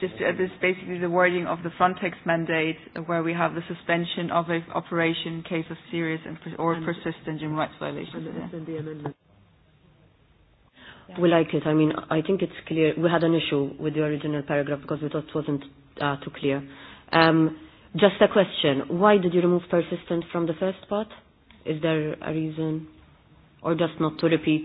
just uh, this is basically the wording of the Frontex mandate, uh, where we have the suspension of an operation in case of serious and pers- or and persistent human rights violations. And, yeah. and the amendment. Yeah. We like it. I mean, I think it's clear. We had an issue with the original paragraph because we thought it wasn't uh, too clear. Um, just a question. Why did you remove persistent from the first part? Is there a reason? Or just not to repeat?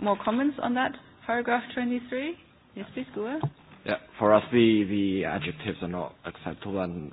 more comments on that paragraph 23? Yes, please, ahead? Yeah, for us, the, the adjectives are not acceptable, and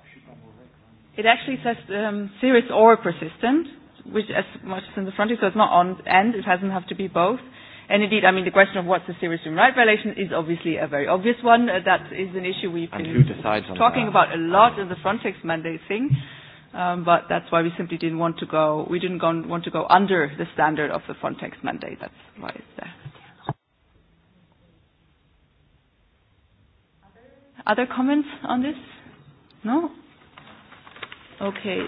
It actually says um, serious or persistent, which as much as in the front, so it's not on and it doesn't have to be both. And indeed, I mean, the question of what's a serious human rights violation is obviously a very obvious one. Uh, that is an issue we've and been talking that? about a lot in the Frontex mandate thing. Um, but that's why we simply didn't want to go, we didn't go, want to go under the standard of the Frontex mandate. That's why it's there. Other comments on this? No? Okay.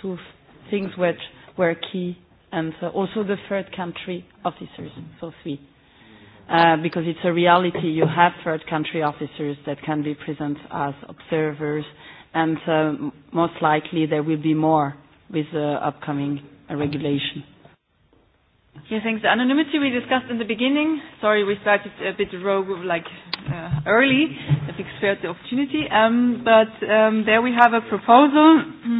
two things which were key, and uh, also the third country officers, so three. Uh, because it's a reality, you have third country officers that can be present as observers, and uh, most likely there will be more with the upcoming uh, regulation. Yeah, thanks. The anonymity we discussed in the beginning. Sorry, we started a bit rogue, like uh, early, I think fair the opportunity. Um, but um, there we have a proposal [CLEARS THROAT]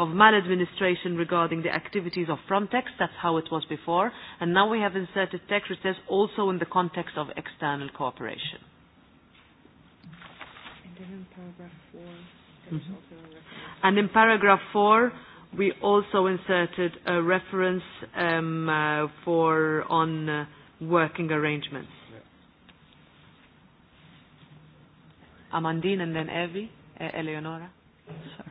of maladministration regarding the activities of Frontex. That's how it was before. And now we have inserted text which says also in the context of external cooperation. And then in paragraph four, there's mm-hmm. also a reference. And in paragraph four, we also inserted a reference um, uh, for on uh, working arrangements. Yeah. Amandine and then Evie, uh, Eleonora. Sorry.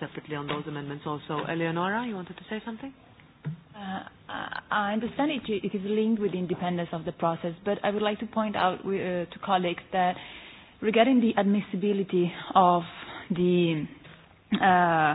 separately on those amendments also. Eleonora, you wanted to say something? Uh, I understand it, it is linked with the independence of the process, but I would like to point out uh, to colleagues that regarding the admissibility of the uh,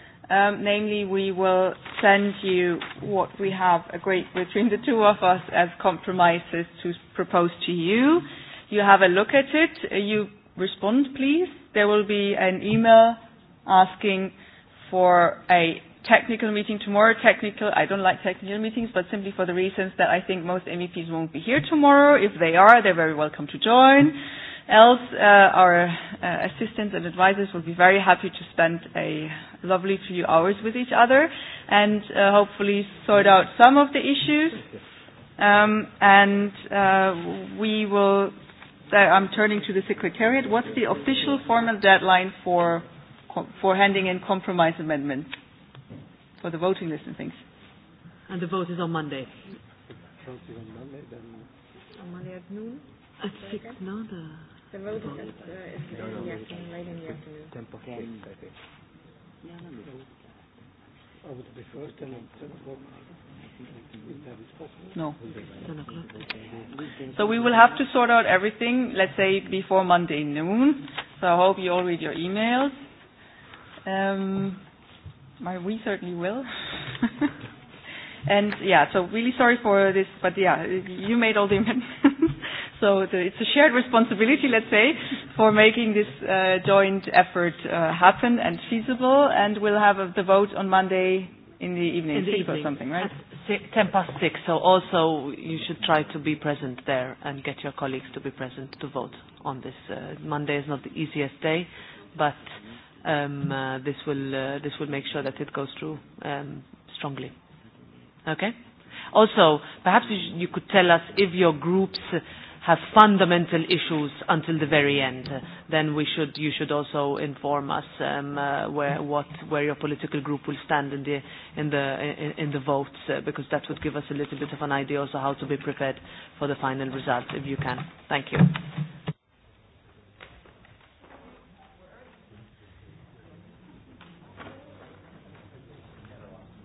Um, namely, we will send you what we have agreed between the two of us as compromises to propose to you. You have a look at it. Uh, you respond, please. There will be an email asking for a technical meeting tomorrow. Technical, I don't like technical meetings, but simply for the reasons that I think most MEPs won't be here tomorrow. If they are, they're very welcome to join. Else, uh, our uh, assistants and advisors will be very happy to spend a lovely few hours with each other and uh, hopefully sort out some of the issues. Um, and uh, we will, uh, I'm turning to the Secretariat. What's the official formal deadline for, for handing in compromise amendments? for the voting list and things. And the vote is on Monday. Vote is on Monday, then. On Monday at noon. At six, no. The, the vote is, at, uh, in the afternoon, late in the afternoon. Ten past I think. Yeah, I would prefer ten and ten o'clock. No. So we will have to sort out everything, let's say, before Monday noon. So I hope you all read your emails. Um, my, we certainly will. [LAUGHS] and yeah, so really sorry for this, but yeah, you made all the amendments. [LAUGHS] so the, it's a shared responsibility, let's say, for making this uh, joint effort uh, happen and feasible. And we'll have a, the vote on Monday in the evening, in the six evening. or something, right? Six, ten past six. So also you should try to be present there and get your colleagues to be present to vote on this. Uh, Monday is not the easiest day, but. Mm-hmm um, uh, this will uh, this will make sure that it goes through um, strongly. Okay. Also, perhaps you, you could tell us if your groups have fundamental issues until the very end. Then we should you should also inform us um, uh, where what where your political group will stand in the in the in, in the votes uh, because that would give us a little bit of an idea also how to be prepared for the final result if you can. Thank you.